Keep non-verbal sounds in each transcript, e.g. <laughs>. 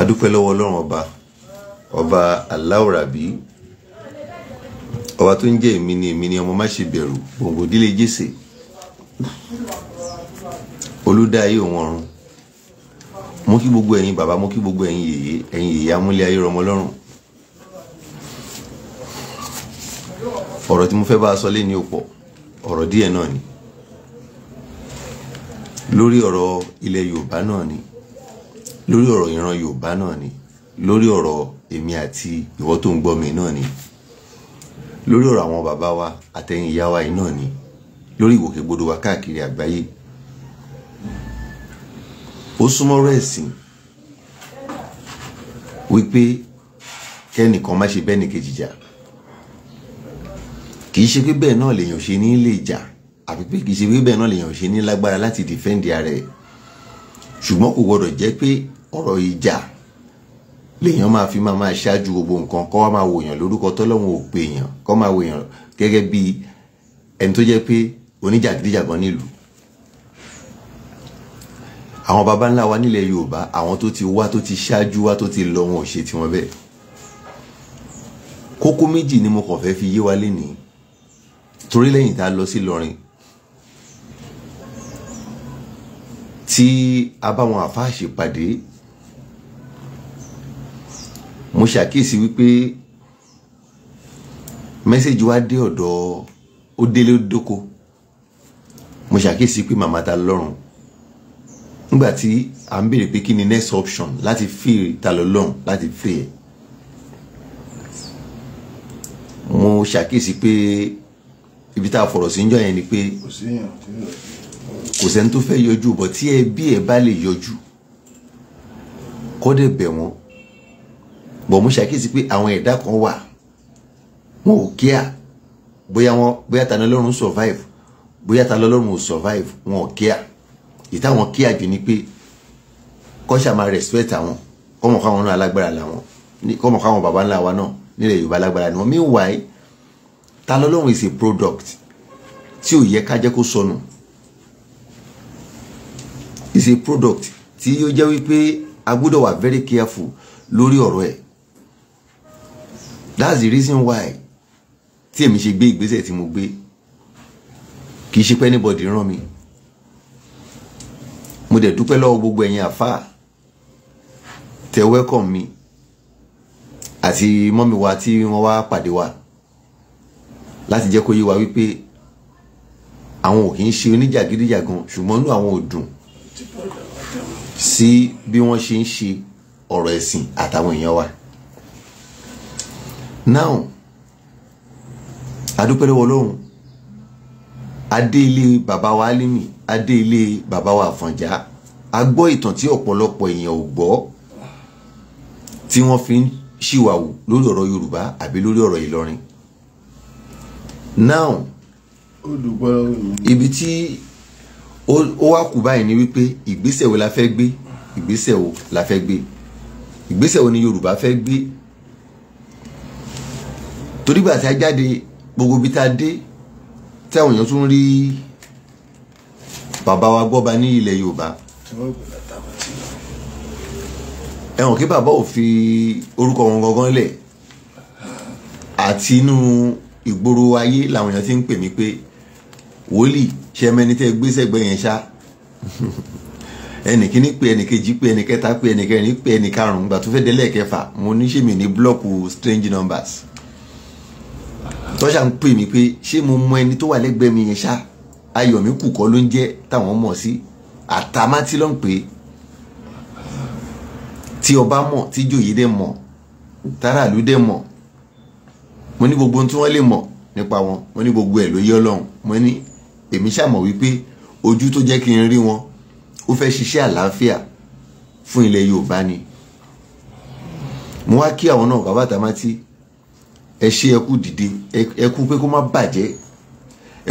adúpẹ́ lọ́wọ́ ọlọ́run ọba ọba aláwòrábí ọba tó ń jẹ́ èmi ni èmi ni ọmọ má ṣe bẹ̀rù gbòǹgbò dílé jésè olùdáyé òun ọ̀run mo kí gbogbo ẹ̀yin bàbá mo kí gbogbo ẹ̀yin yèyé ẹ̀yin yèyé amúlẹ̀ ayé rọmọ lọ́rùn ọ̀rọ̀ tí mo fẹ́ bá a sọ lé ní òpọ̀ ọ̀rọ̀ díẹ̀ náà ni lórí ọ̀rọ̀ ilẹ̀ yorùbá náà ni lórí ọ̀rọ̀ ìran Yorùbá náà ni lórí ọ̀rọ̀ èmi àti ìwọ tó ń gbọ́ mi náà ni lórí ọ̀rọ̀ àwọn bàbá wa àtẹ̀yìn ìyá wa yìí náà ni lórí ìwòkègbodò wa káàkiri àgbáyé ó súnmọ́ ọ̀rọ̀ wípé kẹ́nìkan má ṣe bẹ́ẹ̀ni kejì jà kì ṣe pé bẹ́ẹ̀ náà lèèyàn ṣe ní lè jà àbí pé kì ṣe pé bẹ́ẹ̀ náà lèèyàn ṣe ní lágbára láti dìfẹ́ǹdì ara ẹ̀ ṣùgbọ́n kò gbọ́dọ̀ jẹ́ pé ọ̀rọ̀ ìjà lèèyàn máa fi máa máa ṣáájú gbogbo nǹkan kọ́ wá máa wòyàn lórúkọ tọ́lọ́hún ò pè èèyàn kọ́ máa wòyàn gẹ́gẹ́ bí ẹni tó jẹ́ pé oníjàgídíjàgan nílùú àwọn baba ńlá wa nílẹ̀ Yorùbá àwọn tó ti wá tó ti ṣáájú wá tó ti lọ wọn ò ṣe tiwọn bẹ́ẹ̀ kókó méjì ni mo kàn fẹ́ fi yé wa lénìí torí lẹ́yìn tá a lọ sí Ìlọrin tí a bá wọn àfáà ṣèpàdé mo ṣàkíyèsí wípé mẹ́sẹ̀jì wa dé ọ̀dọ̀ ó délé ó dóko mo ṣàkíyèsí pé màmá ta lọ́rùn nígbà tí à ń béèrè pé kí ni next option láti fi ta lọ lọ́rùn láti fi ẹ̀ mo ṣàkíyèsí pé ibi tá a fọ̀rọ̀ sí ń jọ yẹn ni pé kò sẹ́ni tó fẹ́ yọjú bọ̀ tí ẹbí ẹ bá lè yọjú kọ́dẹ̀ bẹ̀ wọ́n bọ̀ mo ṣàkíyèsí pé àwọn ẹ̀dá kan wà wọn ò kíá bóyá wọn bóyá ta ni ọlọ́run survive bóyá ta ni ọlọ́run ò survive wọn ò kíá ìtàwọn kíá jù ni pé kọ́ṣà máa respect àwọn kọ́mọ̀ káwọn náà alágbára làwọn kọ́mọ̀ káwọn bàbá ńlá wa náà nílẹ̀ yorùbá alágbára ni wọ́n meanwhile ta ni ọlọ́run is a product tí ò yẹ ká jẹ́ kó sọnù. So is a product tí ó jẹ́ wípé a gbọ́dọ̀ wà very careful lórí ọ̀rọ̀ ẹ̀ that's the reason why tí èmi ṣe gbé ìgbésẹ̀ tí mo gbé kì í ṣe pé anybody rán mi mo dẹ̀ dúpẹ́ lọ́wọ́ gbogbo ẹ̀yin àfáà tẹ welcome mi àti mọ́mi wa tí wọ́n wá pàdé wa láti jẹ́ kó yé wa wípé àwọn ò kì í ṣe oníjàgídíjàgan ṣùgbọ́n inú àwọn ò dùn sí bí wọ́n ṣe ń ṣe ọ̀rọ̀ ẹ̀sìn àtàwọn èèyàn wa. now adúpẹ́ lọ́wọ́ Ọlọ́run adé ilé bàbá wa Alimi adé ilé bàbá wa Àfọ̀njá a gbọ́ ìtàn tí ọ̀pọ̀lọpọ̀ èèyàn ò gbọ́ tí wọ́n fi ń ṣìwàwù lórí ọ̀rọ̀ Yorùbá àbí lórí ọ̀rọ̀ Ìlọrin now ibi tí ó wá kù báyìí ni wípé ìgbésẹ̀ wo la fẹ́ gbé ìgbésẹ̀ wo la fẹ́ gbé ìgbésẹ̀ wo ni Yorùbá fẹ́ gbé torí gbà tá a jáde gbogbo bí tá a dé tí àwọn èèyàn tún rí bàbá wa gbọ́ba ní ilẹ̀ Yorùbá ẹ̀wọ̀n kí bàbá ò fi orúkọ wọn gangan lẹ̀ àti inú ìgboro ayé làwọn èèyàn ti ń pè mí pé wòlíì ṣẹmẹni tẹ́ gbé sẹ́gbẹ́ yẹn ṣá <laughs> ẹnìkíní pé ẹnìkejì pé ẹnìkẹta pé ẹnìkẹrin pé ẹnìkarùn-ún gbà tó fẹ́ délẹ̀ kẹfà mo ní ní blọọkù strange numbers tọ́ṣà ń pè mí pé ṣé mo mọ ẹni tó wà lẹ́gbẹ̀ẹ́ mi yẹn ṣá ayọ̀ mi kù kọ́ ló ń jẹ́ táwọn mọ̀ sí àtàmátí ló ń pè é tí ọba mọ̀ tí jòyè dẹ̀ mọ̀ táràlú dẹ̀ mọ̀ mo ní gbogbo ohun tí wọ́n lè mọ̀ nípa wọn mo ní gbogbo ẹ̀ ló yé ọlọ́run mo ní èmi ṣàmọ̀ wípé ojú tó jẹ́ kí n rí wọn ó fẹ́ ṣiṣẹ́ àlàáfíà fún ilẹ̀ Yorùbá ni mo wá kí àwọn náà bàbá tamátí ẹ ṣe ẹkú dìde ẹkú pé kó má bàjẹ́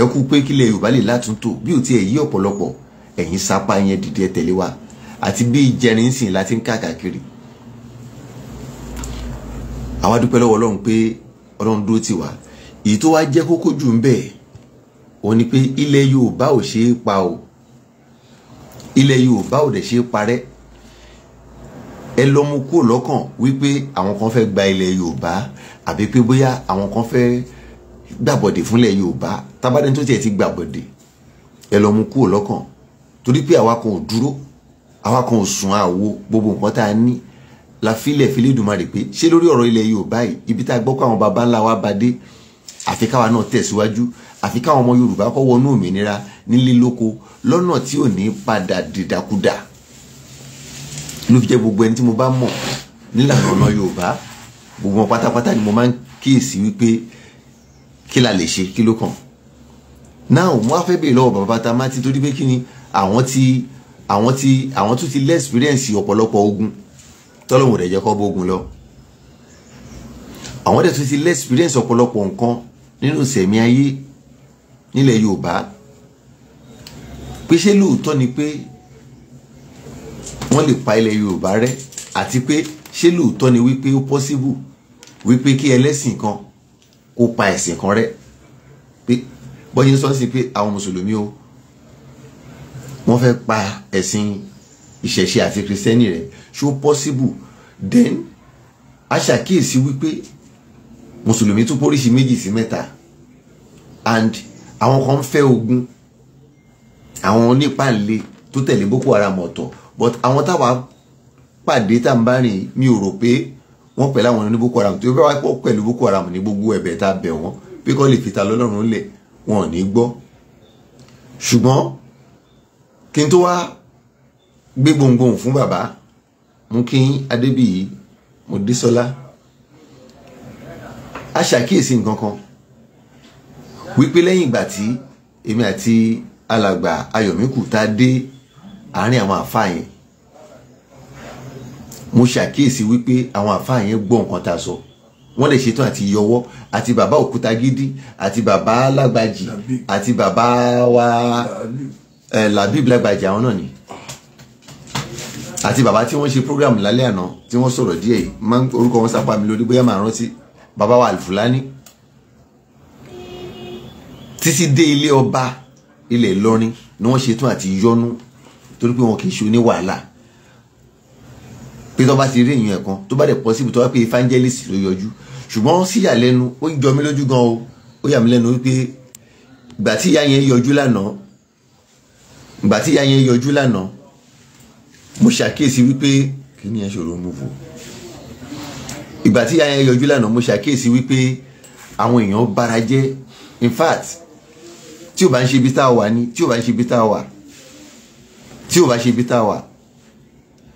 ẹkú pé kílẹ̀ Yorùbá lè látúntò bí ò tiẹ̀ yí ọ̀pọ̀lọpọ̀ ẹ̀yin sapa yẹn dìde ẹ tẹ̀lé wa àti bí ìjẹrin sìn láti ń káàkiri àwa dúpẹ́ lọ́wọ́ Ọlọ́run pé Ọlọ́run dúró tì wá èyí tó wá jẹ́ kókó jù ń bẹ́ẹ̀ òun ni pé ilẹ̀ Yorùbá ò ṣeé pa o ilẹ̀ Yorùbá ò dẹ̀ ṣeé parẹ́ ẹ lọ mú kúrò lọ́kàn wípé àwọn kan fẹ́ gba ilẹ̀ Yorùbá àbí pé bóyá àwọn kan fẹ́ gbàbọ̀dè fúnlẹ̀ Yorùbá tábàdàn tó tiẹ̀ ti gbàbọ̀dè ẹ lọ mú kúrò lọ́kàn torí pé àwa kan ò dúró àwa kan ò sùn àwo gbogbo nǹkan tá a ní la filẹ̀ filẹ̀ pé ṣé lórí ọ̀rọ̀ ilẹ̀ Yorùbá yìí ibi tá a gbọ́ pé àwọn baba ńlá wa bá dé àfi káwa náà tẹ̀síwájú àfi káwọn ọmọ Yorùbá kọ́ wọnú òmìnira nílé lóko lọ́nà tí ò ní padà dìdàkudà ló fi jẹ́ gbogbo ẹni tí mo bá mọ̀ nílànà ọ̀nà Yorùbá gbogbo wọn pátápátá ni mo máa ń kíyèsí wípé kí la lè ṣe kí ló kàn náà mo wá bèèrè lọ́wọ́ bàbá tá a máa ti torí pé kí ni àwọn ti àwọn ti àwọn tún ti lé experience ọ̀pọ̀lọpọ̀ ogun tọ́lọ́mù rẹ̀ jẹ́ kọ́ bógun lọ àwọn dẹ̀ tún ti lé experience ọ̀pọ̀lọpọ̀ nǹkan nínú sẹ̀mí ayé nílẹ̀ Yorùbá pé ṣé lóòótọ́ ni pé wọ́n lè pa ilẹ̀ Yorùbá rẹ́ àti pé ṣé lóòótọ́ ni wípé ó pọ́síbù wípé kí ẹlẹ́sìn kan kó pa ẹ̀sìn kan rẹ́ pé bọ́yìn sọ sí pé àwọn mùsùlùmí o wọ́n fẹ́ pa ẹ̀sìn ìṣẹ̀ṣe àti kìrìsìtẹ́nì rẹ̀ ṣó pọ́síbù then a ṣàkíyèsí wípé mùsùlùmí tún póríṣi méjì sí mẹ́ta and àwọn kan ń fẹ́ ogun àwọn onípàlè tó tẹ̀lé Boko Haram ọ̀tọ̀ but àwọn táwa pàdé tá n bá rìn mi ò rò pé wọ́n pẹ̀lú àwọn ní Boko Haram tó bá wà pọ̀ pẹ̀lú Boko Haram ní gbogbo ẹ̀bẹ̀ tá a bẹ̀ wọ́n pé kọ́ lè fi ta lọ́lọ́run lẹ̀ wọn ò ní gbọ́ ṣùgbọ́n kí n tó wá gbé gbohùngbohùn fún bàbá mú kí Adébíyí Mọ́désọ́lá a ṣàkíyèsí nǹkan kan wípé lẹ́yìn ìgbà tí èmi àti alàgbà ayọ̀míkù tá a dé àárín àwọn àfáà yẹn mo ṣàkíyèsí wípé àwọn àfáà yẹn gbọ́ nǹkan tá a sọ wọ́n lè ṣetán àti yọwọ́ àti bàbá òkúta gidi àti bàbá lágbàjì àti bàbá wa ẹ̀ eh, làbíb lágbàjì àwọn náà ni àti bàbá tí wọ́n ṣe program lálẹ́ àná tí wọ́n sọ̀rọ̀ díẹ̀ yìí orúkọ wọn sápá mi lórí bóyá màá rántí bàbá wa àlùfùlání títí dé ilé ọba ilẹ̀ Ìlọrin ni wọ́n ṣetán àti yọnu torí pé wọn kì í ṣe oníwàhálà pé tó bá ti rí èèyàn ẹ̀kan tó bá dẹ̀ possible tó bá pé evangelist ló yọjú ṣùgbọ́n síyàlẹ́nu ó jọ mí lójú gan o ó yà mí lẹ́nu wípé ìgbà tí ìyá yẹn yọjú lánàá ìgbà tí ìyá yẹn yọjú lánàá mo ṣàkíyèsí wípé kí ni ẹ ṣòro mú bò ìgbà tí ìyá yẹn yọjú lánàá mo ṣàkíyèsí wípé àwọn èèyàn bara jẹ́ in fact tí ò bá ń ṣe ibi tá a wà ni tí ò bá ń ṣe ibi tá a wà tí ò bá ṣe ibi tá a wà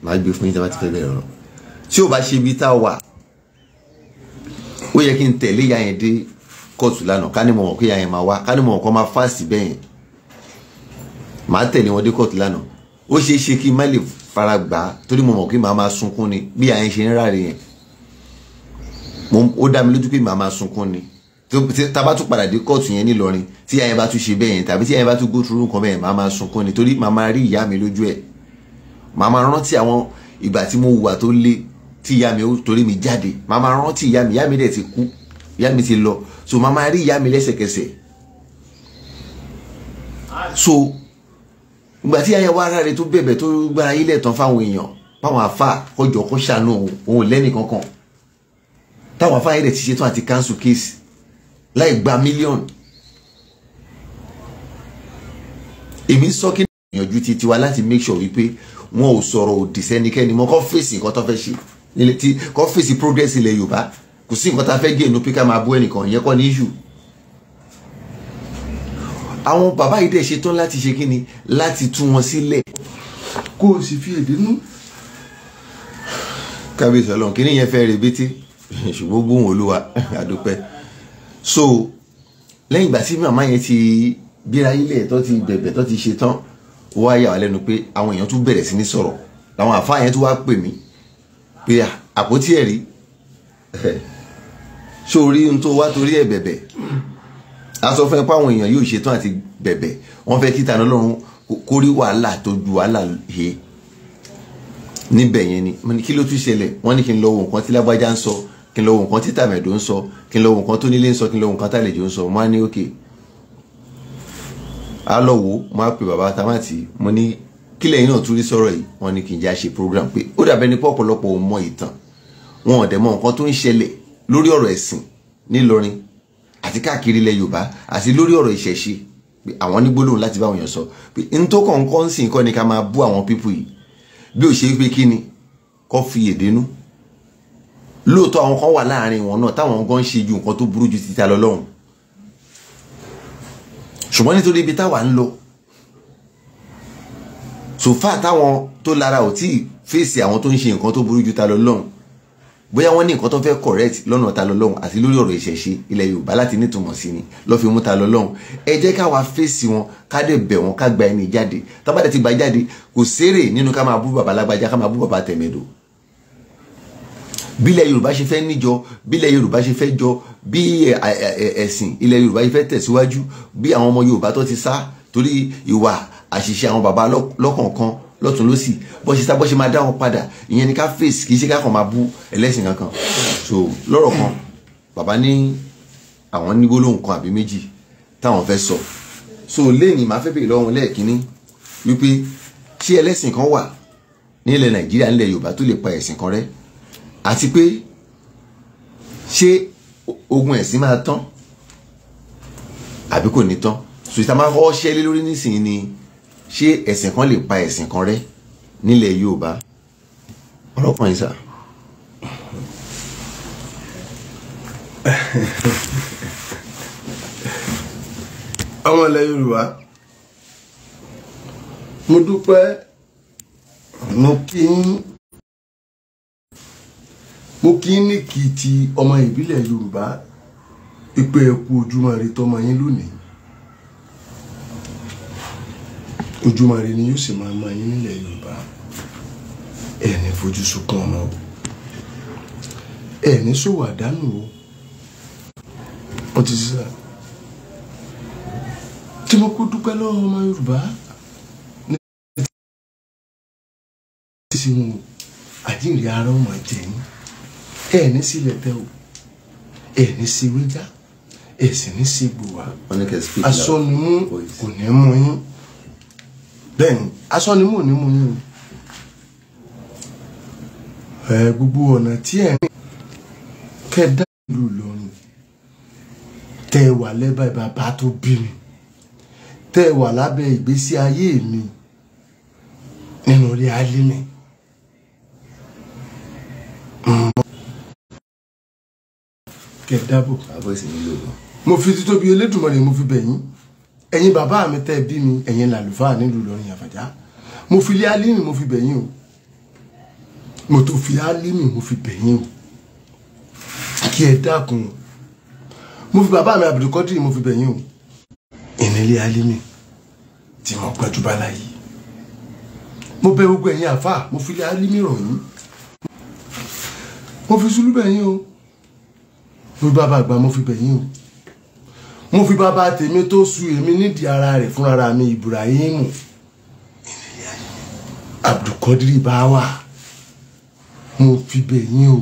màá gbé fún yín tí a bá ti fẹ́ bẹ̀rẹ̀ ọ̀rọ̀ tí ò bá ṣe ibi tá a wà ó yẹ kí n tẹ̀lé ìyá yẹn dé kóòtù lánàá ká ní mọ̀ kó ìyá yẹn máa wá ká ní mọ̀ kó máa fáàsì bẹ́ẹ̀ yẹn tẹ̀lé wọn dé kóòtù lánàá ó ṣeé ṣe kí n má lè fara gbà á torí mọ̀ pé màá máa sunkún ni bí ìyá yẹn ṣe ń ráre yẹn ó dá mi lójú pé màá máa sunkún ni tábà tún padà dé kóòtù yẹn nílọrin tí ìyá yẹn bá tún ṣe bẹ́ẹ̀ yẹn tàbí tí ìyá yẹn bá tún go through nǹkan bẹ́ẹ̀ máa máa sunkún ni torí màá máa rí ìyá mi lójú ẹ̀ màá máa rántí àwọn ìgbà tí mo wà tó lé tí ìyá mi torí mi jáde màá máa rántí ìyá mi ìyá mi dẹ̀ ti kú ìyá mi ti lọ so màá máa rí ìyá mi lẹ́sẹ̀kẹsẹ̀ so ìgbà tí ìyá yẹn wá ara rẹ̀ tó bẹ̀bẹ̀ tó gbára ilẹ̀ tán fáwọn èèyàn fáwọn àfa kọjọ kó ṣàánú òun lẹ́nìkankan táwọn àfa yẹn dẹ̀ ti ṣetán àti cancel case láì gba mílíọ̀nù èmi sọ kí ni ìyànjú ti tiwa láti make sure wípé wọn ò sọ̀rọ̀ òdì sẹ́nikẹ́ni mo kọ́ fèsì nǹkan tó fẹ́ ṣe nílé tí kọ́ fèsì progress ilẹ̀ Yorùbá kò sí nǹkan tá a fẹ́ gé inú píkà máa bú ẹnìkan ìyẹn kọ́ ní issue àwọn bàbá yìí dẹ̀ ṣetán láti ṣe kíni láti tú wọn sílẹ̀ kó o sì fi èdè nú. kábíyèsí ọlọ́run kí ni yẹn fẹ́ rebété <laughs> ṣùgbọ́n gbóhùn olúwa àdúpẹ́. <laughs> so lẹ́yìn ìgbà tí màmá yẹn ti bíra ilé tó ti bẹ̀bẹ̀ tó ti ṣe tán ó wá yà wá lẹ́nu pé àwọn èèyàn tún bẹ̀rẹ̀ sí ní sọ̀rọ̀ làwọn àfáà yẹn tún wá pè mí pé àpótí ẹ̀rí sórí <laughs> ohun tó wá torí ẹ̀ bẹ̀bẹ̀ a sọ fún ẹ pé àwọn èèyàn yóò ṣetán àti bẹ̀bẹ̀ wọ́n fẹ́ kíta lọ́rùn kórí wàhálà tó ju wàhálà he níbẹ̀ yẹn ni mo ní kí ló tún ṣẹlẹ̀ wọ́n ní kí n lọ wo nǹkan tí lágbájá ń sọ kí n lọ wo nǹkan tí tàmẹ̀dò ń sọ kí n lọ wo nǹkan tó nílé ń sọ kí n lọ wo nǹkan tàlejò ń sọ mo á ní òkè á lọ wo mo á pe bàbá tamati mo ní kí lẹ́yìn náà tún rí sọ̀rọ̀ yìí wọ́n ní kí n já ṣe program pé ó dàbẹ́ ní pọ̀pọ̀lọpọ̀ ò mọ ìtàn wọn ò dẹ̀ mọ nǹkan tó ń ṣẹlẹ̀ lórí ọ̀rọ̀ ẹ̀sìn nílọrin àti káàkiri ilẹ̀ yorùbá àti lórí ọ̀rọ̀ ìṣẹ̀ṣe pé àwọn ní láti bá òyìn sọ pé n tó kàn kọ́ ń sìn kọ́ ni ká máa bú àwọn pípù yìí bí ò ṣe pé kí ni kọ́ fi èdè nú lóòótọ́ àwọn kan wà láàrin wọn náà táwọn gan ṣe ju nǹkan tó burú ju títa lọ lọ́hùn ṣùgbọ́n nítorí ibi táwa ń lọ sòfà táwọn tó lára ò tíì fèsì àwọn tó ń ṣe nǹkan tó burú ju ta lọ lọ́hùn bóyá wọ́n ní nǹkan tó fẹ́ correct lọ́nà ta lọ lọ́hùn àti lórí ọ̀rọ̀ ìṣẹ̀ṣe ilẹ̀ Yorùbá láti nítumọ̀ sí ni lọ́ fi mú ta lọ lọ́hùn ẹ jẹ́ ká wá fèsì wọn ká dẹ̀ bẹ̀ wọn ká gba ẹni jáde tábàdẹ̀ ti gba jáde kò sérè nínú ká máa bú bàbá lágbájá ká máa bú bàbá tẹ̀mẹ̀dọ̀ bílẹ̀ yorùbá ṣe fẹ́ níjọ bílẹ̀ yorùbá ṣe fẹ́ jọ bí ẹ̀sìn ilẹ̀ yorùbá ṣe fẹ́ tẹ̀síwájú bí àwọn ọmọ yorùbá tó ti sá torí ìwà àṣìṣe àwọn bàbá lọ́kọ̀ọ̀kan lọ́tún lọ́sì bó ṣe sá bó ṣe máa dá wọn padà ìyẹn ni ká fèsì kì í ṣe ká kàn máa bú ẹlẹ́sìn kankan so lọ́rọ̀ kan bàbá ní àwọn ní gbólóhùn kan àbí méjì táwọn fẹ́ sọ so léèní màá fẹ́ bèèrè lọ́wọ́ lẹ́ẹ̀kínní wípé ṣé ẹlẹ́sìn kan wà nílẹ̀ nàìjíríà nílẹ̀ yorùbá tó lè pa ẹ̀sìn kan rẹ́ àti pé ṣé ogun ẹ̀sìn máa tán àbí kò ní tán sùtà máa kọ́ ṣẹ́ lé lórí nísìnyí ni ṣé ẹ̀sìn kan lè pa ẹ̀sìn kan rẹ́ nílẹ̀ Yorùbá ọ̀rọ̀ kan yìí sà. ọmọ ilẹ̀ Yorùbá mo dúpẹ́ mo kí yín mo kí ní kí ti ọmọ ìbílẹ̀ yorùbá pípẹ́ ẹkú ojúmọ́ rí tọmọ yín lónìí ojúmọ́ rí ni yóò sì máa mọ yín nílẹ̀ yorùbá ẹ̀ẹ́ni fojú sunkún ọmọ o ẹ̀ẹ́ni ṣòwò àdánù o wọ́n ti sísá tí mo kú dúpẹ́ lọ́wọ́ ọmọ yorùbá ní ti sí wọn àjíǹde ara ọmọ jẹ̀yìn ẹ ní sílẹ̀ tẹ o ẹ ní sí wíjà ẹ sì ní sí gbòwà asọ́nimú kò ní mú yín bẹ́ẹ̀ ni asọ́nimú ò ní mú yín ẹ gbogbo ọ̀nà tí ẹ rìn kẹ dá ìlú Ìlọrin tẹ wà lẹ́bàá bàbá tó bí mi tẹ wà lábẹ́ ìgbésí ayé mi nínú orí alẹ́ mi. kẹ dábò. àbọ̀ ìsìn nílò gan. mo fi títóbi Elédùmarè mo fi bẹ̀ yín ẹ̀yin bàbá mi tẹ́ bí mi ẹ̀yin làlùfáà nílùú Ìlọrin Àfàjá mo fi lé Álímì mo fi bẹ̀ yín o mo tó fi Álímì mo fi bẹ̀ yín o kí ẹ dákun mo fi bàbá mi Abdulkadir mo fi bẹ̀ yín o ìnílé Álímì tí mo gbẹ́jú bá láyé mo bẹ̀ gbogbo ẹ̀yin àfáà mo fi lé Álímì rọ̀ yín mo fi sùúrù bẹ̀ yín o mo fi bàbá àgbà mo fi bẹ̀yìn o mo fi bàbá tèmi tó su èmi nídìí ara rẹ̀ fúnra mi Ibrahim Abdulkadir Báwà mo fi bẹ̀yìn o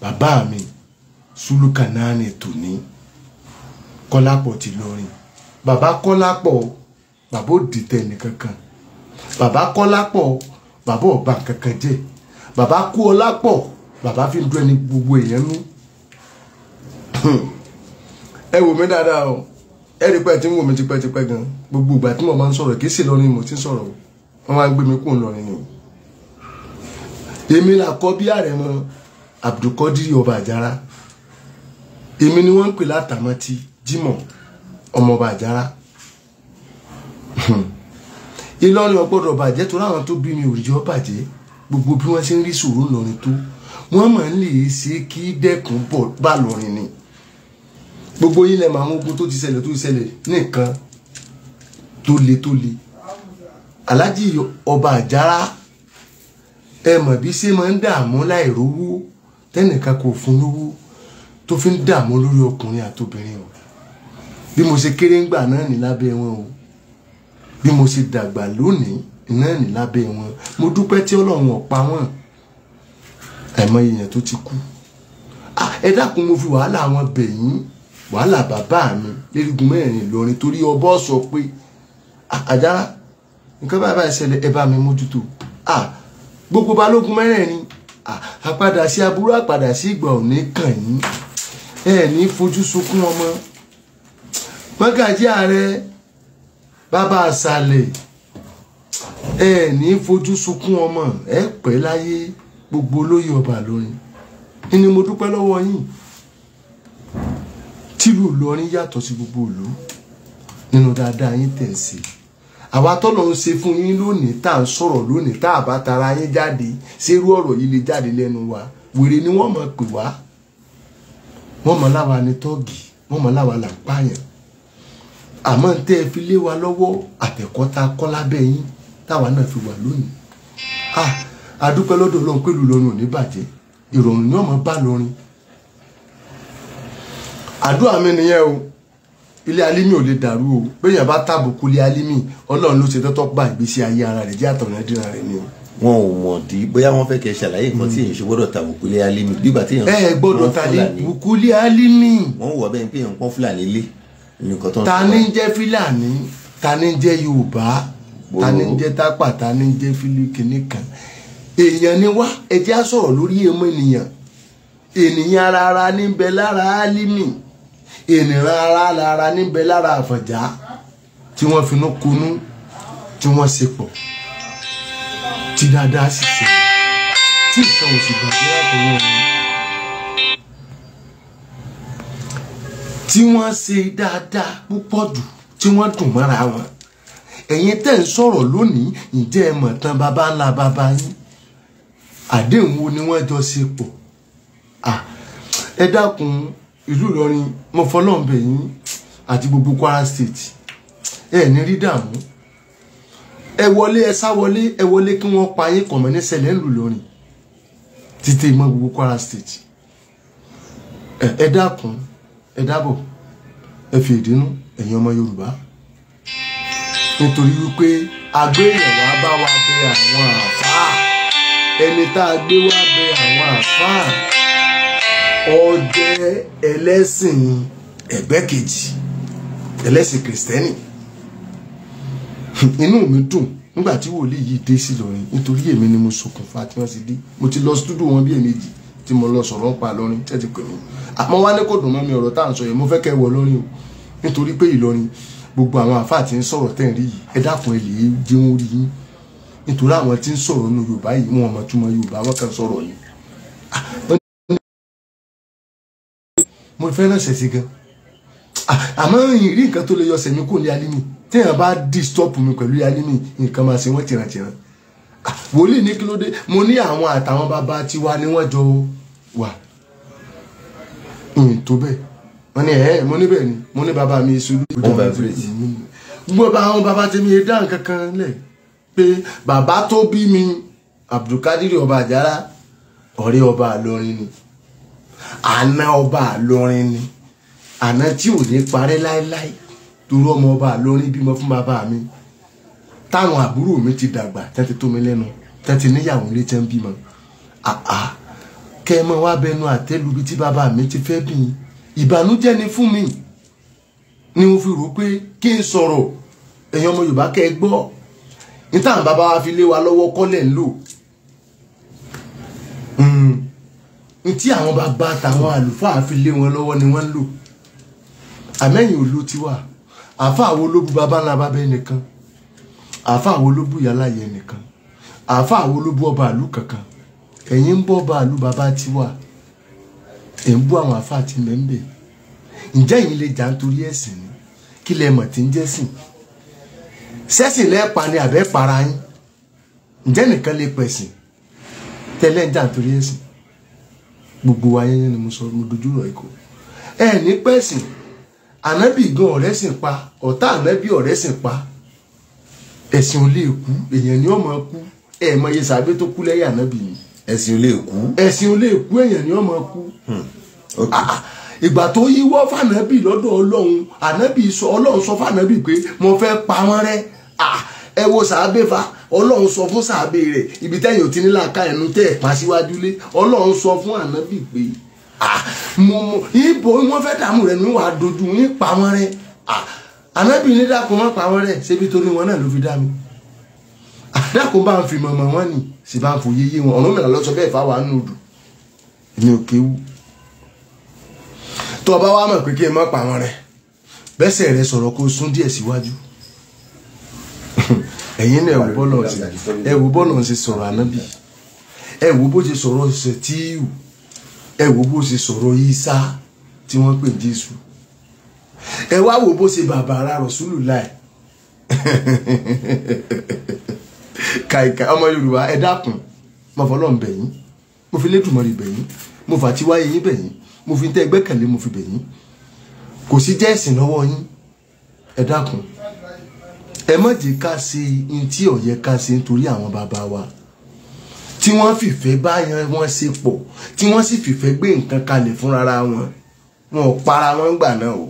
bàbá mi Sulukanani tòní Kọ́lápọ̀ ti lọrin bàbá Kọ́lápọ̀ bàbá ò dìtẹ̀ nìkankan bàbá Kọ́lápọ̀ bàbá ò bà kankan jẹ́ bàbá Kúọlápọ̀ bàbá fi ń dún ẹni gbogbo èèyàn nú ẹ wò mí dáadáa o ẹ rí pẹ́ tí ń wò mí tipẹ́tipẹ́ gan gbogbo ìgbà tí mo máa ń sọ̀rọ̀ kì í sì lọ́rin mo ti ń sọ̀rọ̀ wọ́n máa ń gbé mi kúrò lọ́rin ni èmi là kọ́ bí àrẹ̀mọ Abdulkadir ọba àjára èmi ni wọ́n ń pè látàmọ́tì Jimoh ọmọ ọba àjára <laughs> Ìlọrin ọgbọ́dọ̀ bàjẹ́ tó láwọn tó bí mi ò ríjọ́ bàjẹ́ gbogbo bí wọ́n ṣe ń rí sùúrù lọ́rin tó wọ́n máa ń lè ṣe kí dẹ́kun bọ̀ bá lọ́rin ni gbogbo yín lẹ máa ogun tó ti ṣẹlẹ̀ tó ti ṣẹlẹ̀ nìkan tó le tó le aláàjì ọba àjàrà ẹ mọ̀ bí ṣe máa ń dààmú láìrówó tẹ́nìkan kò fún lówó tó fi ń dààmú lórí ọkùnrin àtobìnrin o bí mo ṣe kéré ńgbà náà ní lábẹ́ wọn o bí mo ṣe dàgbà lónìí náà ní lábẹ́ wọn mo dúpẹ́ tí ọlọ́run ọ̀pá wọn àìmọye èèyàn tó ti kú ẹ dákun mo fi wàhálà wọn bẹ̀ wàhálà bàbá mi lérigun mẹ́rin Ìlọrin torí ọbọ sọ pé àjàrà nǹkan bàbá ìṣẹ̀lẹ̀ ẹ bá mi mójútó à gbogbo balógun mẹ́rẹ̀ẹ̀rin àpadà sí aburú àpadà sí ìgbà òní kàn yín ẹ ní fojú sunkún ọmọ mọ́gàjí ààrẹ bàbá àṣàlẹ̀ ẹ ní fojú sunkún ọmọ ẹ pẹ́ láyé gbogbo olóyè ọba lórin ni mo dúpẹ́ lọ́wọ́ yín tìlú Ìlọrin yàtọ̀ sí gbogbo ìlú nínú dáadáa yín tẹ̀ ń ṣe àwa tọ́lọ̀ ń ṣe fún yín lónìí tá à ń sọ̀rọ̀ lónìí tá à tara yín jáde ṣerú ọ̀rọ̀ yìí lè jáde lẹ́nu wa wèrè ni wọ́n mọ̀ pè wá wọ́n mọ̀ láwa ni tọ́ọ̀gì wọ́n mọ̀ láwa là ń pààyàn àmọ́ tẹ́ ẹ fi lé wa lọ́wọ́ àtẹ̀kọ́ ta kọ́ lábẹ́ yín táwa náà fi wà lónìí ah, a adúpẹ́ lọ́dọ̀ Ọlọ́run pẹ̀lú lọ́run ò ní bàjẹ́ ìrọ̀rùn ni wọ́n mọ̀ bá lọ́rin àdúrà mi nìyẹn o ilé alímì ò lè dàrú o béèyàn bá tàbùkù ilé alímì ọlọ́run ló ṣe tọ́tọ́ bá ìgbésí ayé ara rẹ̀ jẹ́ àtọ̀nà dínà rẹ̀ ni o. wọn ò mọ̀ dí bóyá wọ́n fẹ́ kẹ́ ṣàlàyé nǹkan tí hmm. èyàn ṣe gbọ́dọ̀ tàbùkù ilé alímì bígbà tí èyàn ń pọ́n fúlàní. ẹ gbọ́dọ̀ tàbùkù ilé alímì. wọ́n wọ̀ bẹ́ẹ̀ pé èyàn ń pọ́n fúlàní lé. ta ni jẹ́ fúlàní ta ni jẹ́ yorùbá ta ni jẹ́ tápà ta ni jẹ́ fílíkìnì kan èèyàn ni wá ẹ jẹ́ sọ̀rọ̀ lórí èèmọ̀ ènìyàn ènìyàn ara ara ní bẹ lára álímì ènìyàn ara lára níbẹ̀ lára àfọ̀njá tí wọ́n finú kunú tí wọ́n se, pọ̀ tí dáadáa sì ṣe tí nǹkan ò sì bàjẹ́ àtọwọ́ wọn. tí wọ́n ṣe dáadáa púpọ̀ jù tí wọ́n dùn mọ́ra wọn ẹ̀yin tẹ́ ń sọ̀rọ̀ lónìí ǹjẹ́ ẹ mọ̀ tán baba ńlá baba yín àdéhùn wo ni wọ́n jọ ṣe pọ̀ ẹ dákun ìlú Ìlọrin mo fọlọ́ǹbẹ̀ yín àti gbogbo Kwara State ẹ ní rí dààmú ẹ wọlé ẹ sá wọlé ẹ wọlé kí wọ́n pa yín kọ̀mọ́ ní sẹlẹ̀ ńlù lọ́rin títí mọ́ gbogbo Kwara State ẹ dákun ẹ dábọ̀ ẹ fi ìdínú ẹ̀yin ọmọ Yorùbá nítorí wípé agbéyàn wá bá wa bẹ àwọn àfáà ẹni tá a gbé wá bẹ àwọn àfáà ó jẹ́ ẹlẹ́sìn ẹgbẹ́ kejì ẹlẹ́sìn kìrìsìtẹ́nì inú mi dùn nígbà tí wòlíì yìí dé sí lọrin nítorí èmi ni mo ṣokùnfà tí wọ́n ti dé mo ti lọ stúdù wọn bí èmi jì tí mo lọ sọ̀rọ̀ pa lọ́rin tẹ́tí pè mí àmọ́ wá ní kò dùn mọ́ mi ọ̀rọ̀ tá à ń sọ yẹn mo fẹ́ kẹ́ wọ lọ́rin o nítorí pé Ìlọrin gbogbo àwọn àfáà tí ń sọ̀rọ̀ tẹ̀ ń rí yìí ẹ dákun ẹ lè jẹ́ wọn rí yín nítorí àwọn tí ń sọ̀rọ̀ nu Yorùbá yìí wọn ò mọ̀ túmọ̀ Yorùbá wọn kàn sọ̀rọ̀ yìí ah, mo fẹ́ ránṣẹ́ sí gan àmọ́ ìrí nǹkan tó lè yọ sẹ̀mí kò ní alimi téèyàn bá disturb mi pẹ̀lú alimi nǹkan máa ṣe wọ́n tìrantìran wòlíì ní kí ló dé mo ní àwọn àtàwọn bàbá tiwa ni wọ́n jọ wà ìyìn tó bẹ́ẹ̀ wọ́n ní ẹ̀ mo ní bẹ́ẹ̀ ni mo ní bàbá mi ṣubú gbogbo àwọn bàbá tèmi dá nǹkan kan lẹ̀ pé bàbá tó bí mi Abdulkadir ọba àjàrà ọ̀rẹ́ ọba àlọrin ni àná ọba àlọrin ni àná tí ò ní parẹ́ láéláé torí ọmọ ọba àlọrin bímọ fún bàbá mi táwọn àbúrò mi ti dàgbà tẹ́ ti tó mi lẹ́nu tẹ́ ti níyàwó ilé tẹ́ ń bímọ àà kẹ́ ẹ mọ wá bẹnu àtẹ́lu bí tí bàbá mi ti fẹ́ bí ìbànújẹ́ ni fún mi ni mo fi rò pé kí n sọ̀rọ̀ èèyàn ọmọ Yorùbá kẹ́ ẹ gbọ́ nítawọn bàbá wa fi lé wa lọ́wọ́ kọ́lẹ̀ ń ntí àwọn bàbá àtàwọn àlùfáà fi lé wọn lọ́wọ́ ni wọ́n ń lò àmẹ́yìn òlu tiwa àfa àwọn olóbu bàbá ńlá bàbá ẹnìkan àfa àwọn olóbu yàláyẹ ẹnìkan àfa àwọn olóbu ọba àlù kankan ẹ̀yin ń bọ́ ọba àlù bàbá tiwa ẹ̀ ń bú àwọn àfa àti mẹ́ńbẹ́ ǹjẹ́ yìí lè jà nítorí ẹ̀sìn ni kí lẹ mọ̀ tí ń jẹ́sìn sẹ́sìn lẹ́ẹ̀pa ni àbẹ́ para yín ǹjẹ́ nìkan lè pẹ̀sìn tẹ́lẹ̀ ń jà nítorí ẹ̀sìn gbogbo wa yẹn ni mo sọ mo dojú rọ ikọ ẹ ní pẹ́sìn ànábì gan ọ̀rẹ́ sìn pa ọ̀tá ànábì ọ̀rẹ́ sìn pa ẹ̀sìn ò lè kú èèyàn ni ó máa kú ẹ̀ mọ iye sàbẹ́ tó kú lẹ́yìn ànábì ni. ẹ̀sìn ò lè kú. ẹ̀sìn ò lè kú èèyàn ni ó máa kú. Hmm, ah, ah, ìgbà tó yíwọ́ fànábì lọ́dọ̀ ọlọ́run ànábì sọ ọlọ́run sọ fànábì pé mo fẹ́ pa wọ́n rẹ́ ah, ẹ wo sàbẹ́ fa ọlọ́run sọ fún sàábé rẹ̀ ibi tẹ́yìn ò ti ní làákà ẹnu tẹ́ ẹ̀ pa síwájú lé ọlọ́run sọ fún ànábì pé mo mo ibo wọn fẹ́ dààmú rẹ̀ níwà dojú yín pa wọn rẹ̀ ànábì ní dákun wọn pa wọn rẹ̀ ṣébi torí wọn náà ló fi dá mi dákun bá ń fi mọ̀mọ́ wọn nì sì bá ń fò yéyé wọn ọ̀nà mìíràn lọ́sọ bẹ́ẹ̀ fáwọn àánú dùn èmi ò kéwu tó o bá wá mọ̀ pé kí ẹ má pa wọn rẹ̀ bẹ́sẹ̀ rẹ sọ̀rọ̀ kó sún díẹ̀ síwájú. Si ẹ̀yin náà ẹ̀wù bọ́ọ̀lù ọ̀sẹ̀ ẹ̀wù bọ́ọ̀lù ọ̀sẹ̀ sọ̀rọ̀ ànábì ẹ̀wù bó ṣe sọ̀rọ̀ ọ̀sẹ̀ tíìwù ẹ̀wù bó ṣe sọ̀rọ̀ ìsá tí wọ́n pè jésù ẹ wá wo bó ṣe bàbá ara rọ̀ṣúlù láì kàìkà ọmọ yorùbá ẹ dákun mo fọlọ́ ń bẹ̀yìn mo fi lédùmarè bẹ̀yìn mo fàtiwá yẹyìn bẹ̀yìn mo fi tẹ́ ẹgbẹ́kẹ̀lé mo fi bẹ̀yìn kò sí jẹ́ ẹ̀sìn lọ́wọ́ yín ẹ dákun ẹ má jẹ́ ká ṣe ohun tí ò yẹ ká ṣe nítorí àwọn bàbá wa tí wọ́n fìfẹ́ báyẹn wọ́n ṣe pọ̀ tí wọ́n sì fìfẹ́ gbé nǹkan kalẹ̀ fúnra wọn wọn ò para wọn gbà náà o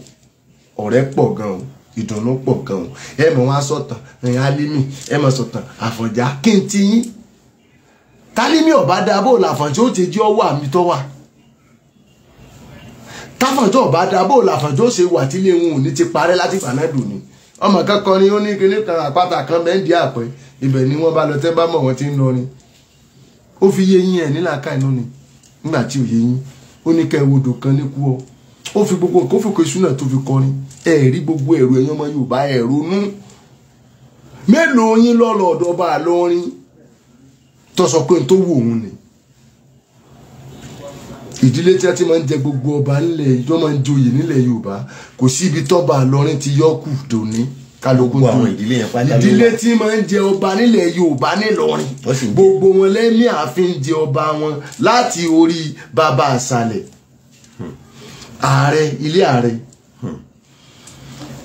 ọ̀rẹ́ pọ̀ gan o ìdùnnú pọ̀ gan o ẹ mọ̀ wọn sọ̀tàn ẹ̀yìn alímì ẹ mọ̀ sọ̀tàn àfọ̀njá kí n ti yín tálímì ọ̀bá dábò làfọ̀njá ti jí ọwọ́ àmì tó wà táfọ̀njá ọ̀bá dábò làfọ̀njá ṣe wà tílé wọn ò ní ti parẹ́ láti fànádùn ni ọmọ kan kọrin ó ní kinní kan àpáta kan mẹ́ndì àpẹ́ ibẹ̀ ni wọ́n bá lọ tẹ́ bá mọ̀ wọ́n ti ń lọrin ó fi yé yín ẹ̀ nílà ká inú ni nígbà tí ò yé yín ó ní kẹ́ ẹ wodò kan ní kú ọ ó fi gbogbo nǹkan ó fi kò ìṣúná tó fi kọrin ẹ rí gbogbo ẹ̀rọ ẹ̀yán ọmọ Yorùbá ẹ̀ ronú mélòó yín lọ́lọ́ ọ̀dọ̀ ọba àlọ́rin tó sọ pé n tó wù òun ni ìdílé tí wọ́n ti máa ń jẹ gbogbo ọba nílẹ̀ tó máa ń joyè nílẹ̀ yorùbá kò sí ibi tọ́ba àlọ́rin ti yọ́kù dòní kálukú tó ìdílé tí máa ń jẹ ọba nílẹ̀ yorùbá nílọrin gbogbo wọn lẹ́mí ààfin jẹ ọba wọn láti orí bàbá àṣàlẹ̀ hmm. ààrẹ ilé ààrẹ hmm.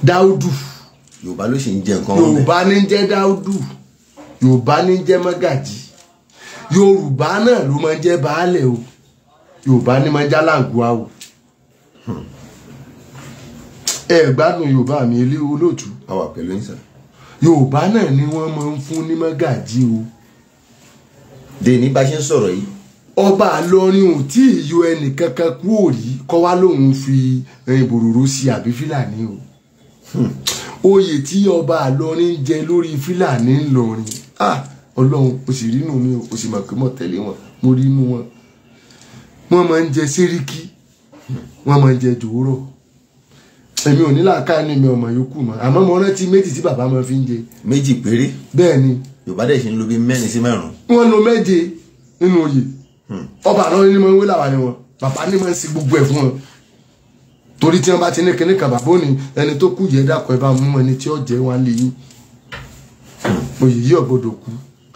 dáúdù yorùbá ló sì ń jẹ nǹkan wọn yorùbá ní jẹ dáúdù yorùbá ní jẹ mọ́gàjì yorùbá náà ló máa ń jẹ baálẹ̀ o. Hmm yorùbá ní máa já láǹgó àwò ẹ gbádùn yorùbá mi ilé olóòtú àwa pẹ̀lú ìsà yorùbá náà ni wọ́n máa ń fún ní mọ́gàjí o. dèní bá ṣe ń sọ̀rọ̀ yìí. ọba àlọrin ò tí ì yọ ẹnìkankan kú òrí kọ́ wá lòun fi ìbòròró sí àbí fílàní o. Hmm. oyè tí ọba àlọrin jẹ lórí fílàní ńlọrin ah, ọlọ́run o sì rí inú mi o sì mọ̀ pé mo tẹ̀lé wọn mo rí inú wọn wọ́n máa ń jẹ séríkì wọ́n máa ń jẹ jòwúrọ̀ èmi ò ní làákàánú mi ọmọ yòókù mọ́ àmọ́ mo rántí méjì tí bàbá máa fi ń jẹ. méjì péré. bẹ́ẹ̀ ni. yorùbá dẹ̀ ṣe ń lo bíi mẹ́rin sí mẹ́rùn. wọ́n lo méje nínú oyè hmm. ọba àná ni mo ń wé làwọn ni wọn bàbá ni mo ń ṣe gbogbo ẹ̀ fún wọn torí tí wọn bá ti ní kinní kan bàbá òní ẹni tó kù jẹ dàkọ ẹ bá mú ẹni tí ó jẹ wọn lè yín hmm. oyè yìí ọgbọdọ kú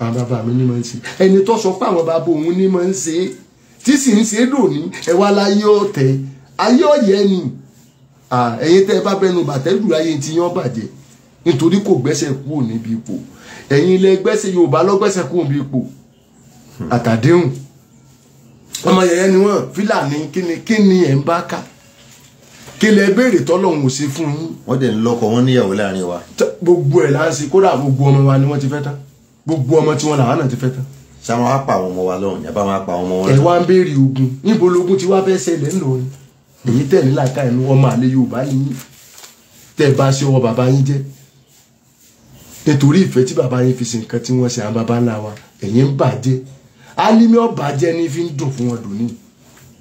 àwọn bàbá mi ní máa ń ṣe ẹni tó sọ pé àwọn bàbá òun ní máa ń ṣe tí sì ń ṣe lónìí ẹ wá láyé ọ̀tẹ̀ ayé ọ̀yẹ́ ni ẹ̀yin tẹ́ ẹ bá bẹnu bàtẹ́lù ayé tí yán bàjẹ́ nítorí kò gbẹ́sẹ̀ kúrò níbi ipò ẹ̀yin ilẹ̀ gbẹ́sẹ̀ Yorùbá lọ́gbẹ́sẹ̀ kúrò níbi ipò hmm. àtàdéhùn ọmọ yẹyẹ ni wọ́n Fúlàní kíni kíni ẹ̀ ń bá ká kílẹ̀ béèrè tọ́lọ́hún ò ṣe fún yín. wọ́n dẹ̀ ń lọ́kọ wọn níyàwó láàrin wa. gbogbo ẹ̀ là kódà gbogbo ọmọ wa ni wọ́n ti fẹ́ tán gbogbo ọmọ tí wọ́n làwọn náà ti fẹ́ tán ṣé àwọn apá àwọn ọmọ wa lọ́hùn yàbá wọn apá àwọn ọmọ wọn. ẹ wá ń béèrè ogun níbo lógun tí wàá fẹ́ ṣẹlẹ̀ ńlọrin èyí tẹ̀ ní làákà ẹnu ọmọ àlẹ Yorùbá ni yín tẹ̀ bá ṣe ọwọ́ bàbá yín jẹ́ nítorí ìfẹ́ tí bàbá yín fi ṣe nǹkan tí wọ́n ṣe àwọn bàbá ńlá wa ẹ̀yin ń bàjẹ́ alimi ọ̀bàjẹ́ ni fi ń dùn fún wọn dùn ní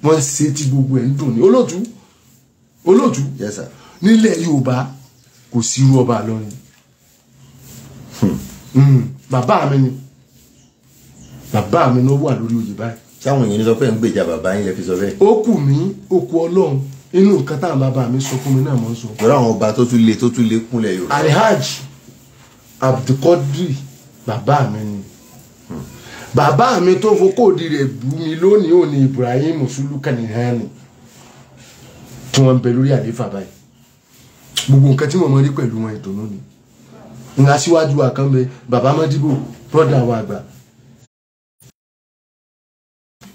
wọ́n ń ṣe tí gbogbo ẹ̀ ń dùn ní olóòtú olóòtú yes sir nílẹ̀ Yorùbá kò sí irú ọba lọ́rin hmm. hmm. bàbá mi ni. Hmm. Mm. Bàbá bàbá mi ló wà lórí oyè báyìí. sáwọn èèyàn ní sọ pé ń gbèjà bàbá yín lè fi sọ bẹ́ẹ̀. ó kù mí ó kù ọlọ́run inú nǹkan táwọn bàbá mi sọ fún mi náà mọ̀ ń sọ. lọ́rọ̀ àwọn ọba tó tún le tó tún le kúnlẹ̀ yorùbá. alhaj abdulkadir bàbá mi ni bàbá mi tó fokó òdi rẹ̀ bú mi lónìí òní ibrahim sulukanihani tí wọ́n ń bẹ lórí àlééfà báyìí gbogbo nǹkan tí mo mọ rí pẹ̀lú wọn ìdùnnú ni ńlá síwájú wa bàbá mọ́díbò brọ́dà wa àgbà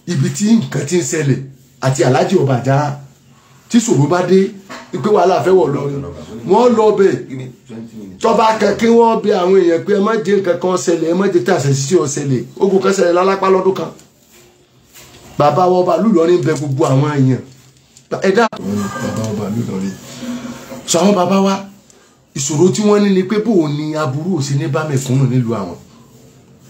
ibi tí nǹkan ti ń ṣẹlẹ̀ àti aláàjì ọba àjá tí ṣòro bá dé pé wàhálà fẹ́ wọ̀ lọ wọ́n lọ bẹ̀ tọ́ba kan kí wọ́n bẹ àwọn èèyàn pé ẹ má jẹ́ nǹkan kan ṣẹlẹ̀ ẹ má jẹ́ tàṣẹ sí ọ ṣẹlẹ̀ ogun kan ṣẹlẹ̀ lálápá lọ́dún kan bàbá wa ọba lùlọrin bẹ gbogbo àwọn èèyàn ẹ dá. sọ àwọn bàbá wa ìṣòro tí wọ́n ní ni pé bò ní aburú òsín nílùú àwọn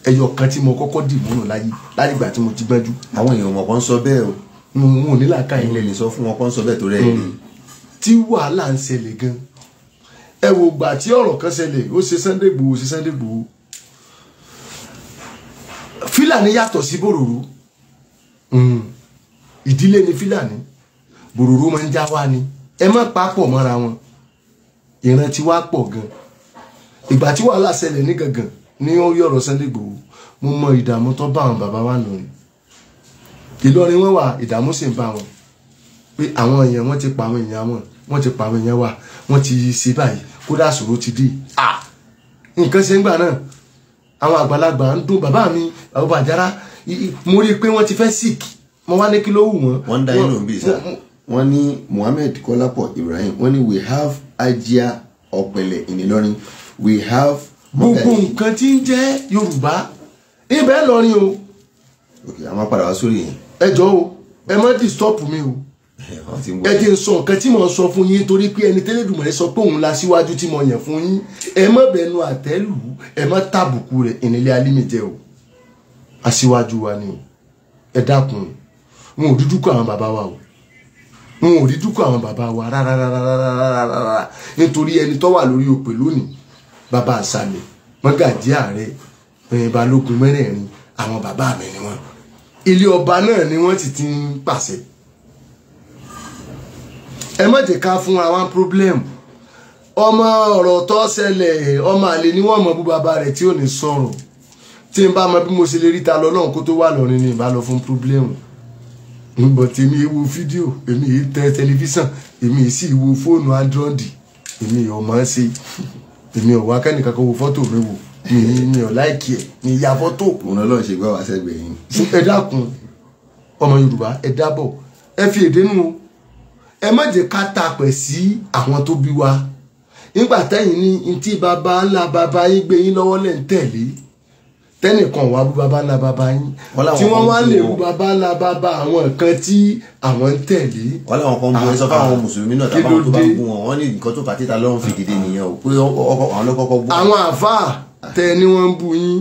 ẹyọ kan tí mo kọ́kọ́ dì múnú láyé láyìgbà tí mo ti gbájú. àwọn èèyàn mọ̀ kán sọ bẹ́ẹ̀ o. mo mú un nílà káyìn. ilé lè sọ fún wọn kán sọ bẹ́ẹ̀ tó rẹ̀ hmm. ni. tí wàhálà ń ṣẹlẹ̀ gan ẹ wò gbà tí ọ̀rọ̀ kan ṣẹlẹ̀ ó ṣe Sunday Igboho ó ṣe Sunday Igboho. Fílàní yàtọ̀ sí bòròrò hmm. ìdílé ni Fílàní bòròrò máa ń já wá ni ẹ má papọ̀ mọ́ra wọn ìran tí wàá pọ̀ gan ìgbà tí wàhálà ṣẹlẹ̀ ní gangan ní orí ọ̀rọ̀ Sunday mo mọ ìdààmú tó bá àwọn bàbá wa lórí Ìlọrin wọn wà ìdààmú sì ń bá wọn pé àwọn èèyàn wọn ti pa àwọn èèyàn wọn wọn ti pa àwọn èèyàn wa wọn ti ṣe báyìí kódà sòrò ti dì à nǹkan ṣe ń gbà náà àwọn àgbàlagbà ń dún bàbá mi àwọn bàjára mo rí i pé wọ́n ti fẹ́ sick mo wá ní kí ló wù wọ́n. wọ́n dá yín ló ń sá wọ́n ní Muhammed Kọ́lápọ̀ Ibrahim wọ́n ní we have ajia ọ̀pẹ̀lẹ̀ in Ìlọrin we have gbogbo nǹkan tí ń jẹ́ yorùbá ibẹ̀ lọrin o. ok a máa padà wá sórí yẹn. ẹ jọ o ẹ má disturb mi o ẹ ti ń sọ nǹkan tí mo ń sọ fún yín torí pé ẹni tẹ́lẹ̀dùmọ̀ ẹ sọ pé òun la síwájú tí mo yàn fún yín ẹ má bẹnu àtẹ́lù ẹ má tàbùkù rẹ̀ ìnílé alímìjẹ o aṣíwájú wa ni ẹ dákun wọn ò dúdú kọ àwọn bàbá wa o wọn ò rí dúkọ àwọn bàbá wa rárá nítorí ẹni tó wà lórí òpè lónìí bàbá àṣàlẹ̀ mọ́gàjí ààrẹ balógun mẹ́rẹ̀ẹ̀rin àwọn bàbá mi ni wọ́n ilé ọba náà ni wọ́n sì ti ń pàṣẹ. ẹ má jẹ́ ká fún wa one problem ọmọ ọ̀rọ̀ tó ṣẹlẹ̀ ọmọ àlè ni wọ́n mọ bú bàbá rẹ̀ tí ò ní sọ̀rọ̀ tí n bá mọ bí mo ṣe lè ríta lọ lọ́hùn kó tó wà lọ́rin ni ìbá lọ fún problem nbọ tèmi ewo fídíò èmi yìí tẹ tẹlifíṣàn èmi yìí sì wo fóònù android èmi yìí ọmọ ṣe èmi ò wá kẹ́nìkan kó wo fọ́tò mi wò mi ò láìkí ẹ̀ mi ya fọ́tò. òun náà lọ́ọ́ ṣe gbọ́ wá sẹ́gbẹ̀ẹ́ yín. ẹ dákun ọmọ Yorùbá ẹ dábọ̀ ẹ fi èdè nù ẹ má jẹ́ ká tapẹ̀ sí àwọn tó bí wa nígbà tẹ́yìn ní ntí bàbá ńlá bàbá yín gbé yín lọ́wọ́ lẹ́ tẹ́nìkan wá bú baba la baba yín tí wọ́n wá lè bú baba la baba àwọn nǹkan tí àwọn ń tẹ̀lé. wọ́n láwọn kan bú ẹsọ fáwọn mùsùlùmí náà tàbí àwọn tó bá ń bú wọn wọ́n ní nǹkan tó fà títa lọ́rùn fi dìde nìyẹn o pé àwọn lọ́kọ́kọ́ bú. àwọn àáfàá tẹ ni wọ́n ń bú yín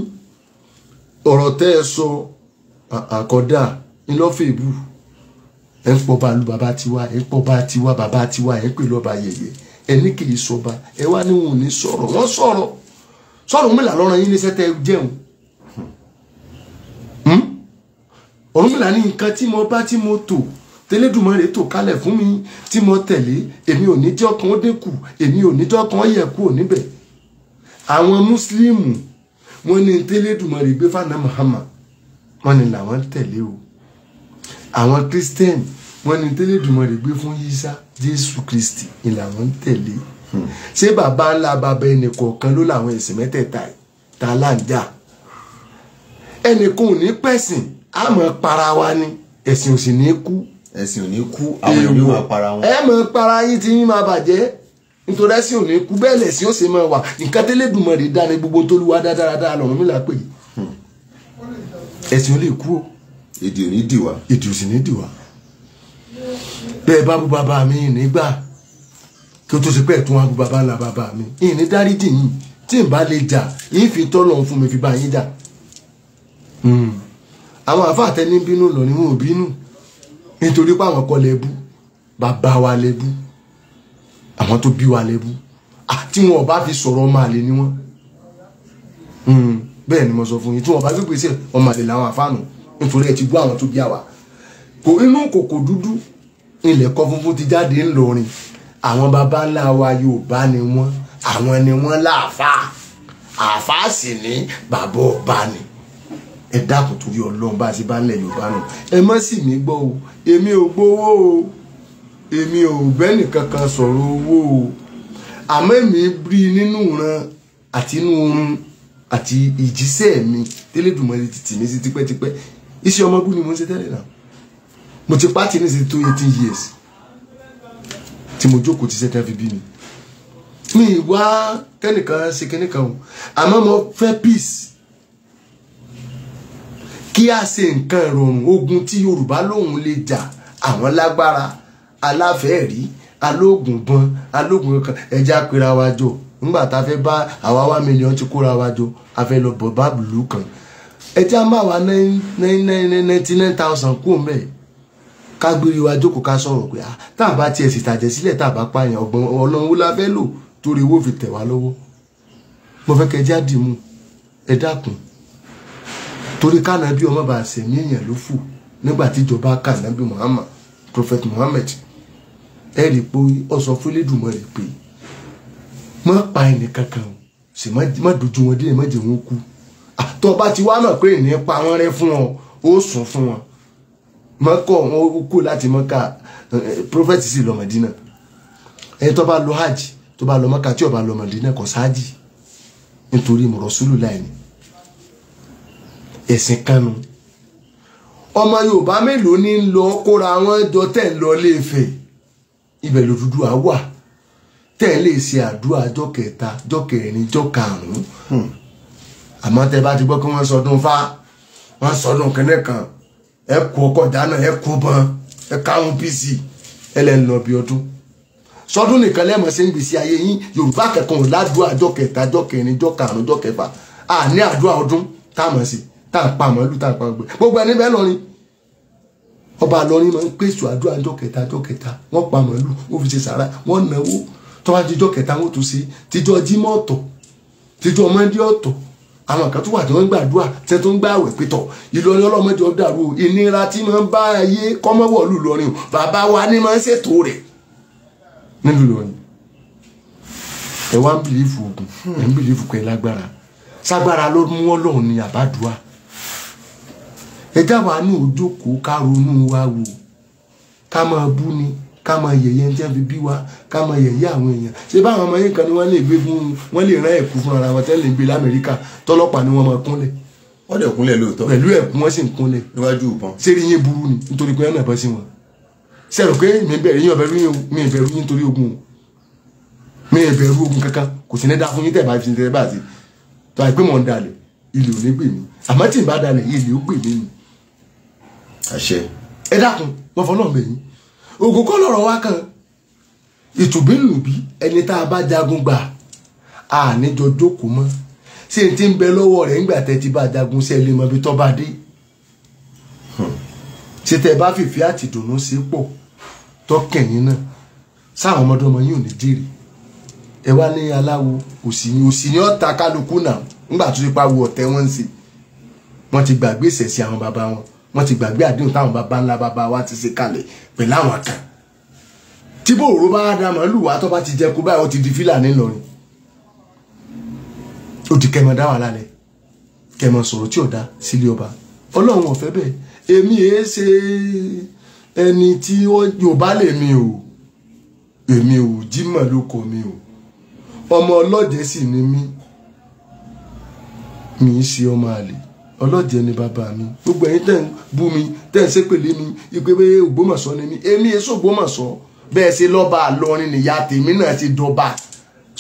ọ̀rọ̀ tẹ́ ẹ sọ àkọ́dà ńlọ́fẹ̀ẹ́bù ẹ̀ ń pọ̀ bá lu baba tiwa ẹ̀ ń pọ̀ bá tiwa baba tiwa ẹ̀ ń pè lọ́ba yẹ̀yẹ̀ ẹ̀ ní kì í sọba ẹ̀ wá níwọ̀n ní sọ̀rọ̀ wọ́n sọ̀rọ̀ sọ̀rọ̀ mélòó lọ́rọ̀ yín léṣẹ́ tẹ́ jẹun òun là ní nǹkan tí mo bá tí mo tò tẹlẹdùmọ̀rẹ́ tò kalẹ̀ fún mi tí mo tẹ̀lé èmi ò ní jẹ́ ọkàn ó dínkù èmi ò ní jẹ́ ọkàn ó yẹ̀ kúrò níbẹ̀ àwọn mùsùlùmù wọn ní tẹlẹdùmọ̀rẹ́ gbé fànà Muhammad wọn ní làwọn tẹ̀lé o àwọn christian wọn ní tẹlẹdùmọ̀rẹ́ gbé fún yíṣá jésù kristi ni làwọn tẹ̀lé hmm. ṣé bàbá ńlá bàbá ẹnì kọ̀ọ̀kan ló làwọn ẹ̀sìn mẹ́tẹ̀ẹ̀ta tá a láǹjà ẹnì kan ò ní pẹ̀sìn a mọ̀ para wa ni ẹ̀sìn ò sì ní kú ẹ̀sìn ò ní kú àwọn èèyàn yóò máa para wọn. ẹ mọ̀ para yín tí yín máa bàjẹ́ nítorí ẹ̀sìn ò ní kú bẹ́ẹ̀ lẹ̀sìn ó sì máa wà nǹkan tẹ́lẹ̀ dùnmọ̀ rè dáni gbogbo tó lu wá dáadáa lọ́rùn mi là pè hmm. ẹ̀sìn ò lè kú o. èdè ò ní dì wá. èdè ò sì ní dì wá. bẹ́ẹ̀ bá bu bàbá mi nígbà kí o tó ṣe pé ẹ̀tún wa bu bàbá ńlá bàbá mi ìní dárídì yìí tí n àwọn àfa àtẹni bínú lọ ni wọn ò bínú nítorí pé àwọn kọ́ lẹ́bú bàbá wa lẹ́bú àwọn tó bí wa lẹ́bú àti wọn ò bá fi sọ̀rọ̀ ọmọ àlè ni wọn hmm, bẹ́ẹ̀ ni mo sọ fún yín tí wọn bá fi pèsè ọmọ àlè làwọn àfáànù nítorí ẹ ti gbọ́ àwọn tó bí àwa kò inú kòkò dúdú ilẹ̀ kọ́ funfun ti jáde ńlọrin àwọn baba ńlá wa Yorùbá ni wọn àwọn ni wọn láàfáà àfáà sì ní bàbá ọba ni ẹ dákun torí ọlọ́run bá a ṣe bá ń lẹ̀ yorùbá nù ẹ má sì mí gbọ́ o èmi ò gbowó o èmi ò bẹ́ẹ̀nì kankan sọ̀rọ̀ owó o àmọ́ èmi rí nínú ìran àti inú oorun àti ìjíṣẹ́ mi tẹ́lẹ̀dùmọ̀lẹ́ ti tì mí sí tipẹ́tipẹ́ iṣẹ́ ọmọ bú ni mo ń ṣe tẹ́lẹ̀ náà mo ti pàtì ní sí tó eighteen years tí mo jókòó ti ṣẹ́tẹ́ fi bí mi mi wá kẹ́nìkan ṣe kẹ́nìkan o àmọ́ mo fẹ́ peace kí a ṣe nǹkan ìrọ̀rùn ogun tí yorùbá lòun lè jà àwọn lágbára aláfẹ́ẹ̀rí alogun gbọn kankan ẹja pera wa jọ nígbà tá a fẹ́ bá ti kóra wa jọ a fẹ́ lọ bọ̀ kan ẹja má wa ninety thousand kú mẹ́ ká wa jókòó ká sọ̀rọ̀ pé tá a bá tiẹ̀ sì sílẹ̀ tá a bá pààyàn wo owó fi tẹ̀ wá lọ́wọ́ mo fẹ́ kẹjá ẹ dákun torí kánábí ọmọ bá ṣe míyàn ló fù nígbà tíjọba kánábí Muhammad Prophet Muhammad ẹ rí i pé ó sọ fún Elédùmarè pé má pa ẹnìkankan o sì má dojú wọn délé má jẹ wọn kú àtọ bá ti wá mọ̀ pé ìní pa wọn rẹ́ fún wọn ó sùn fún wọn mọkọ wọn kú láti mọkà eh, Prophet sì lọ Mẹdínà ẹni tó bá lọ hajj tó bá lọ mọkà tí ó bá lọ kò sáájì nítorí mọ̀rọ̀ sùlù láì ní ẹ̀sìn kanu ọmọ yorùbá mélòó ní lọ kóra wọn jọ tẹ̀ ń lọ léèfẹ̀ ibẹ̀ lòdùdú à wà tẹ̀ lè ṣe àdúrà jọ kẹta jọ kẹrin jọ karùn-ún hmm. àmọ́ tẹ bá ti gbọ́ pé wọ́n sọdún fa wọ́n sọdún kẹ́nẹ́ kan ẹ kú ọkọ̀ dáná ẹ kú bọ́n ẹ káwọn pc ẹ lẹ́ ń lọ bí ọdún sọdún nìkan lẹ́mọ̀ sí ń gbèsè ayé yín yorùbá kẹkọ̀ọ́ ládùúgbò àjọ kẹta àjọ kẹrin àjọ karùn-ún kẹfà àní àdúrà ọdún táwọn sì tá à ń pa màálù tá à ń pa gbogbo gbogbo ẹni bẹ́ẹ̀ lọ́rin ọba lọ́rin máa ń pèsè àdúrà ọjọ́ kẹta ọjọ́ kẹta wọ́n pa màálù wọ́n fi ṣe sàrà wọ́n náwó tó bá dijọ́ kẹta wọ́n tún ṣe tijọ́ jímọ̀ ọ̀tọ̀ tijọ́ mọ́ndé ọ̀tọ̀ àwọn kan tó wà tó ń gbàdúrà tẹ tó ń gbà àwẹ̀ pétọ̀ Ìlọrin ọlọ́mọdé ọ̀dàrú ìnira tí máa ń bá ayé kọ́mọ́wọ́lù lọ́rin bàbá wa ni máa ń ṣètò rẹ̀ nílùú lọ́rin ẹ wá ń bìlífù ogun ẹ ń bìlífù pé lágbára ságbára ló mú ọlọ́run ní àbádùá ẹ jáwa náà ó jókòó ká ronú wa wò ká máa bú ni ká máa yẹ̀yẹ́ ní tẹ́fi bí wa ká máa yẹ̀yẹ́ àwọn èèyàn ṣé báwọn ọmọ yín kan ni wọ́n lè gbé fún wọ́n lè rán ẹ̀kú fún ara wọn tẹ́lẹ̀ gbé lamẹ́ríkà tọ́lọ́pàá ni wọ́n máa kúnlẹ̀. wọ́n dẹ̀ kúnlẹ̀ lóòótọ́. pẹ̀lú ẹ̀kú wọ́n sì ń kúnlẹ̀. níwájú ìbọn. sẹ́rí yín burú ni nítorí pé ẹ̀ náà sí wọn. sẹ́rù pé mi bẹ̀rẹ̀ yín ọ̀bẹ̀rù yín mi bẹ̀rù yín torí ogun mi bẹ̀rù ogun kankan kò sí ní dá fún yín tẹ̀ fi tẹ̀ bá tó àìpé mọ̀ ń dalẹ̀ ilé ò ní gbè mí àṣẹ. ẹ dákun wọn fọ náà mẹyìn ògùn kọ́ lọ́rọ̀ wá kan ìtùbínlùbí ẹni tá a bá jagun gbà á níjọ jókòó mọ́ ṣé n ti ń bẹ lọ́wọ́ rẹ̀ ńgbà tẹ́ ti bá jagun sí ẹlẹ́ mọ́bí tó bá dé hmm. ṣé tẹ́ bá fìfì àti dùnú sí pọ̀ tọkẹ̀yìn náà sáwọn ọmọdọ́mọ yìí ò ní jèrè ẹ wá ní aláwo òsì ni òsì ni ọ̀tá kálukú náà ńgbà tó ti pa wo ọ̀tẹ̀ wọn ń ṣe wọ́n ti gbàgbé ìṣẹ̀sí àwọn bàbá wọn wọ́n ti gbàgbé àdéhùn táwọn bàbá ńlá bàbá wa ti ṣe kalẹ̀ pẹ̀lú àwọn kan tí bòòrò bá dá màálù wá tó bá ti jẹ kú báyìí wọ́n ti di fílàní ńlọrin ó di kẹmọ dá wà lálẹ́ kẹmọ sọ̀rọ̀ tí ò dá sílé ọba Ọlọ́run ò fẹ́ èmi èé ṣe ẹni tí Yorùbá lè mi o èmi ò jí mọ̀ lóko mi o ọmọ ọlọ́jẹ̀ sì ni mí mi í ṣe ọmọ àlè ọlọ́jẹ̀ ni bàbá mi gbogbo ẹ̀yin tẹ̀ ń bú mi tẹ̀ ń ṣépèlé mi ìpè pé Ògbómọ̀ṣọ́ ni mi èmi èso Ògbómọ̀ṣọ́ bẹ́ẹ̀ ṣe lọ́ba àlọrin nìyá tèmi náà ṣe dọba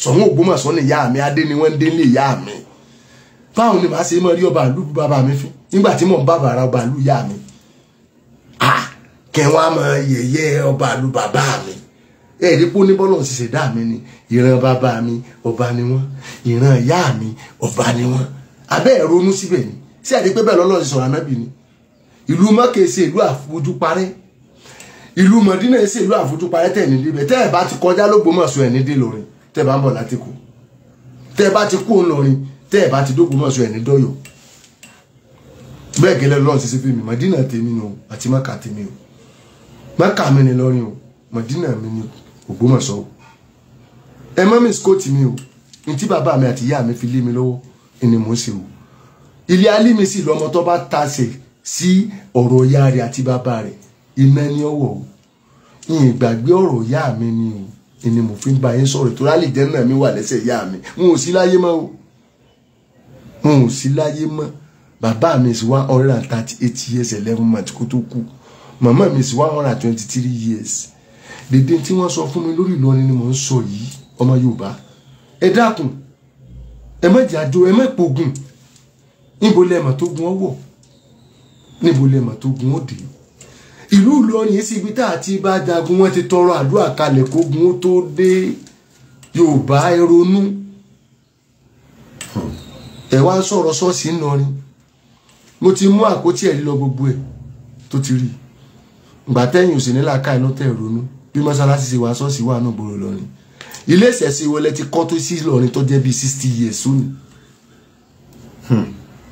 Ṣọ̀ún Ògbómọ̀ṣọ́ nìyá mi adé ni wọ́n ń dé ní ìyá mi báwo ni màá ṣe mọ rí ọba àlú bàbá mi fún nígbà tí mò ń bá bàrà ọba àlú ìyá mi ah kẹ́ wọ́n á mọ yẹ̀yẹ́ ọba àlú bàbá mi ẹ̀ẹ́dí pọ́ ní bọ́lọ̀ ṣiṣẹ́ dá mi ni ìran bàbá mi ọba ni wọ́n ìran ìyá mi ọba ni wọ́n abẹ́ ẹ̀ ronú síbẹ̀ ni sí àti pé bẹ́ẹ̀ lọ́lọ́ ti sọ̀rọ̀ ànábì ni ìlú Mákà ṣe ìlú àfojú parẹ́ ìlú Mọ̀dínà ṣe ìlú àfojú parẹ́ tẹ̀ ní débẹ̀ tẹ́ ẹ̀ bá ti kọjá l'Ógbómọ̀ṣọ́ ẹ̀ ní dé lọ́rin tẹ́ ẹ̀ bá ń bọ̀ láti kù tẹ́ ẹ̀ bá ti kú ńlọrin tẹ́ ẹ̀ bá ti d'Ógbómọ̀ṣọ́ ẹ̀ ní dọ́yọ̀ bẹ́ẹ̀ gẹ́lẹ́ lọ́run ṣe fún mi Mọ̀dínà tèmi ni o àti Mákà tèmi o Mákà mi ni lọ́rin o Mọ̀dínà mi ni Ògbómọ̀ṣọ́ o ẹ mọ́ mi skóòtì mi o ní tí bàbá mi àti ìyá mi fi lé mi lọ́wọ́ ni o ilé alímì sì lọ́mọ tó bá tasẹ̀ sí ọ̀rọ̀ ìyá rẹ̀ àti bàbá rẹ̀ iná ní ọwọ́ o ìyìn ìgbàgbé ọ̀rọ̀ ìyá mi ni o ìní mo fi ń bá yín sọ̀rọ̀ tó rálì jẹ́ náà mi wà lẹ́sẹ̀ ìyá mi n ò sí láyé mọ́ o n ò sí láyé mọ́ bàbá mi sì one hundred and thirty eight years eleven months kó tó kú màmá mi sì one hundred and twenty three years dèdè tí wọ́n sọ fún mi lórí Ìlọrin ni mo ń sọ yìí ọmọ Yorùbá ẹ dákun ẹ má jàdó ẹ má níbo lẹ́mọ̀ tó gun ọ́ wọ̀ níbo lẹ́mọ̀ tó gun ọ́ dé ìlú Ìlọrin yìí sí ibi tá a ti bá jagun wọn ti tọrọ àdúrà kalẹ̀ kógun ó tó dé Yorùbá ẹ ronú ẹ wá sọ̀rọ̀ ṣọ́ọ̀ṣì ńlọrin mo ti mú àkótí ẹ̀rí lọ gbogbo ẹ̀ tó ti rí ìgbà tẹ́yìn òsì nílà ká iná tẹ̀ ronú bí mọ́sálásí ṣe wá ṣọ́ọ̀ṣì wà náà gbòòrò lọ́rin ilé ìṣẹ̀ṣẹ̀ wọlé ti kọ́ tó sí Ìlọrin tó jẹ́ bíi sixty years sóni. Hmm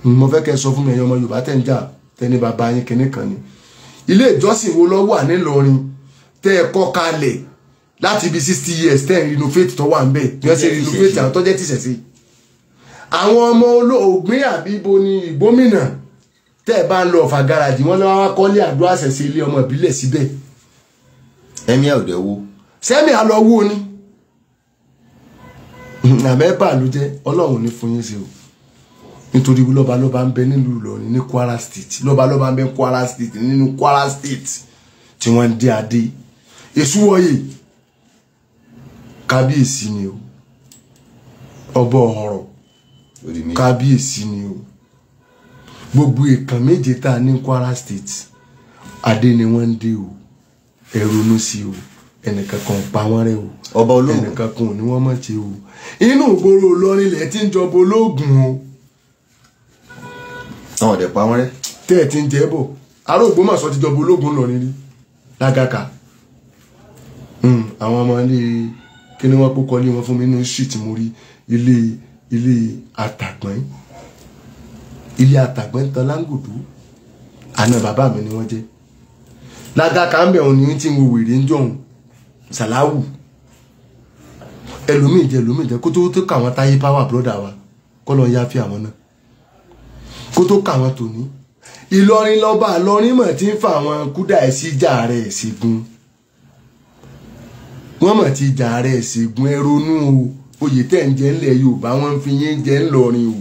mo fẹ́ kẹ́ sọ fún mi ẹ̀yin ọmọ Yorùbá tẹ́ ń jà tẹ́ni bàbá yín kinní kan ni ilé ìjọsìn wo ló wà nílọrin tẹ́ ẹ kọ́ kalẹ̀ láti ibi sixty years tẹ́ ẹ renovate tó wà ń bẹ̀ bí wọ́n ṣe renovate àwọn tó jẹ́ tìṣẹ̀ṣe àwọn ọmọ olóògbé àbíbo ni ìgbómìnà tẹ́ ẹ bá ń lọ ọ̀fà gáràjì wọ́n lọ́wọ́ kọ́lé àdó àṣẹṣe ilé ọmọ ìbílẹ̀ síbẹ̀ ẹ̀mí ẹ̀ ò dẹ̀ wo sẹ́mi àlọ́ wo ni àmẹ́bà ló jẹ́ ọlọ́run ní fún yín ṣe o nítorí lọ́ba lọ́ba ń bẹ nílùú Ìlọrin ní Kwara State lọ́ba lọ́ba ń bẹ Kwara State nínú Kwara State tí wọ́n ń dé adé èṣù wọ̀nyí kábíyèsí ni o ọba ọ̀rọ̀ kábíyèsí ni o gbogbo èèkàn méje tá a ní Kwara State adé ni wọ́n ń dé o ẹ ronú sí o ẹnìkankan pa wọ́n rẹ́ o ọba olóògùn ẹnìkankan ò ní wọ́n mọ̀ ṣe o inú ìgboro Ìlọrin lẹ ti ń jọba olóògùn o àwọn ọ̀dẹ̀ pa wọ́n rẹ́. tẹ́ ẹ̀ ti ń jẹ́ bọ̀ ará Ògbómọ̀ṣọ́ ti jọba ológun lọ nílí lágàkà hmm, àwọn ọmọ ilé kí ni wọ́n kó kọ́lé wọn fún mi nínú street mo rí ilé ilé àtàgbọ́n ilé àtàgbọ́n tán láńgòdó àna bàbá mi ni wọ́n jẹ́ lágàkà ń bẹ̀ òun ní tí mo wèrè ń jọ̀hún sàláwù ẹlòmíì jẹ ẹlòmíì jẹ kótó tó kà wọn táyé power brother wa kọ́ lọ́ọ́ yá fi àwọn náà kó tó kà wọ́n tòní ìlọrin lọ́ba ìlọrin mọ̀ tí ń fa àwọn kúdà ẹ̀ sí ìjà rẹ̀ ṣègùn wọ́n mọ̀ tí ìjà rẹ̀ ṣègùn ẹ ronú o oyè tẹ̀ ń jẹ ńlẹ̀ yorùbá wọ́n fi yín jẹ ńlọrin o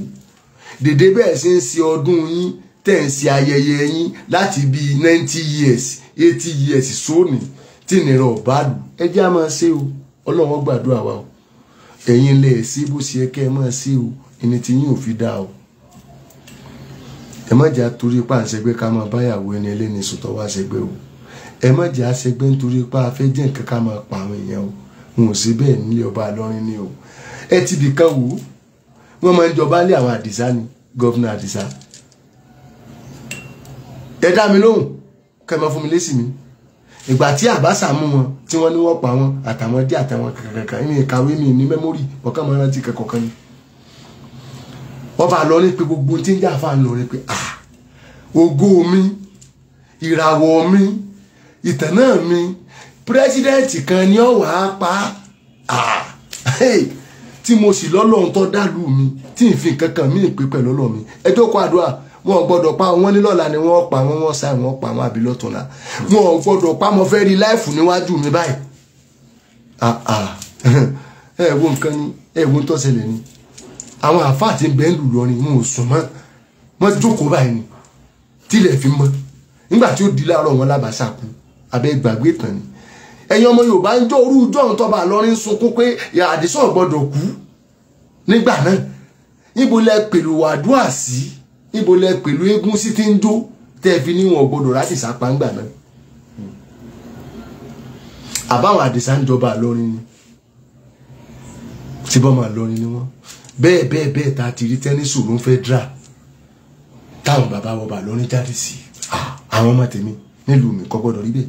dèdè bẹ́ẹ̀ ṣe ń ṣe ọdún yín tẹ̀ ń ṣe ayẹyẹ yín láti bíi ninety years eighty years sóòní tí ìnira ọ̀bá lù ẹ jẹ́ àmọ́ ṣe o ọlọ́wọ́ gbàdúrà wa o ẹ̀yin lẹ̀ ṣe bó ṣe kẹ́ ẹ máa ṣe o ẹni tí yín ò fi dáa o ẹ má jẹ́ àtúrí pa àṣegbé ká máa báyàwó ẹni ẹlẹ́ni sùn tọ́wọ́ àṣegbé o ẹ má jẹ́ àṣegbé nítorí pa afẹ́ nǹkan ká máa pa àwọn èèyàn o n ò sí bẹ́ẹ̀ nílé ọba àlọ́rin ni o ẹ ti bìkan wò ó wọ́n máa ń jọba lé àwọn àdìsá ni gọ́vnà àdìsá ẹ dá mi lóhùn kẹ́ ẹ máa fún mi lésì mi ìgbà tí àbáṣà mú wọn tí wọ́n ní wọ́n pa wọn àtàwọn dé àtàwọn kankan kankan ní ìkàwé mi ní mẹ́mórì ọ̀kan máa rántí kankan kan ni ọba àlọrin pé gbogbo tí ń jà fà lọrin pé à ah, ògo mi ìràwọ̀ mi ìtànà mi pírẹsidẹ́ǹtì kan ni ó wàá pa à ah, tí mo sì lọ́lọ́run tó dàlú mi tí n fi nǹkan kan mí pé pẹ̀lú ọlọ́ mi ẹ jókòó àdúrà wọn ò gbọ́dọ̀ pa wọn ní lọ́la ni wọ́n pa wọn wọ́n sáì wọ́n pa wọn àbí lọ́tọ̀la wọn ò gbọ́dọ̀ pa mo fẹ́ rí láìfù níwájú mi báyìí ah, <laughs> ẹ wo nǹkan ni ẹ wo ń tó ṣẹlẹ̀ ni àwọn àáfàá ti bẹ́ẹ̀ lù lọrin wọn ò sùn mọ́ wọ́n jókòó báyìí ni tílẹ̀ fi mọ́ nígbà tí ó di láàárọ̀ wọn lábàṣà kú abẹ́ gbàgbé tán ni ẹ̀yin ọmọ Yorùbá ń jọ orú ìjọ́hún tọ́ba àlọ́rin sunkún pé àdìsọ́ gbọ́dọ̀ kú nígbà náà ibo lẹ pẹ̀lú wàdúà sí ibo lẹ pẹ̀lú eégún sí ti ń jó tẹ́ fi níwọ̀n gbọ́dọ̀ láti sápáǹgbà náà àbáwọn àdìsá ń jọba àlọ́rin ni tí bọ́ máa lọ́rin ni wọ́n bẹ́ẹ̀ bẹ́ẹ̀ bẹ́ẹ̀ ta ti rí tẹ́ní sùúrù federal táwọn bàbá wọ bàlọ́rin jáde sí ah, àwọn ọmọ tèmi nílùú mi kò gbọ́dọ̀ rí bẹ́ẹ̀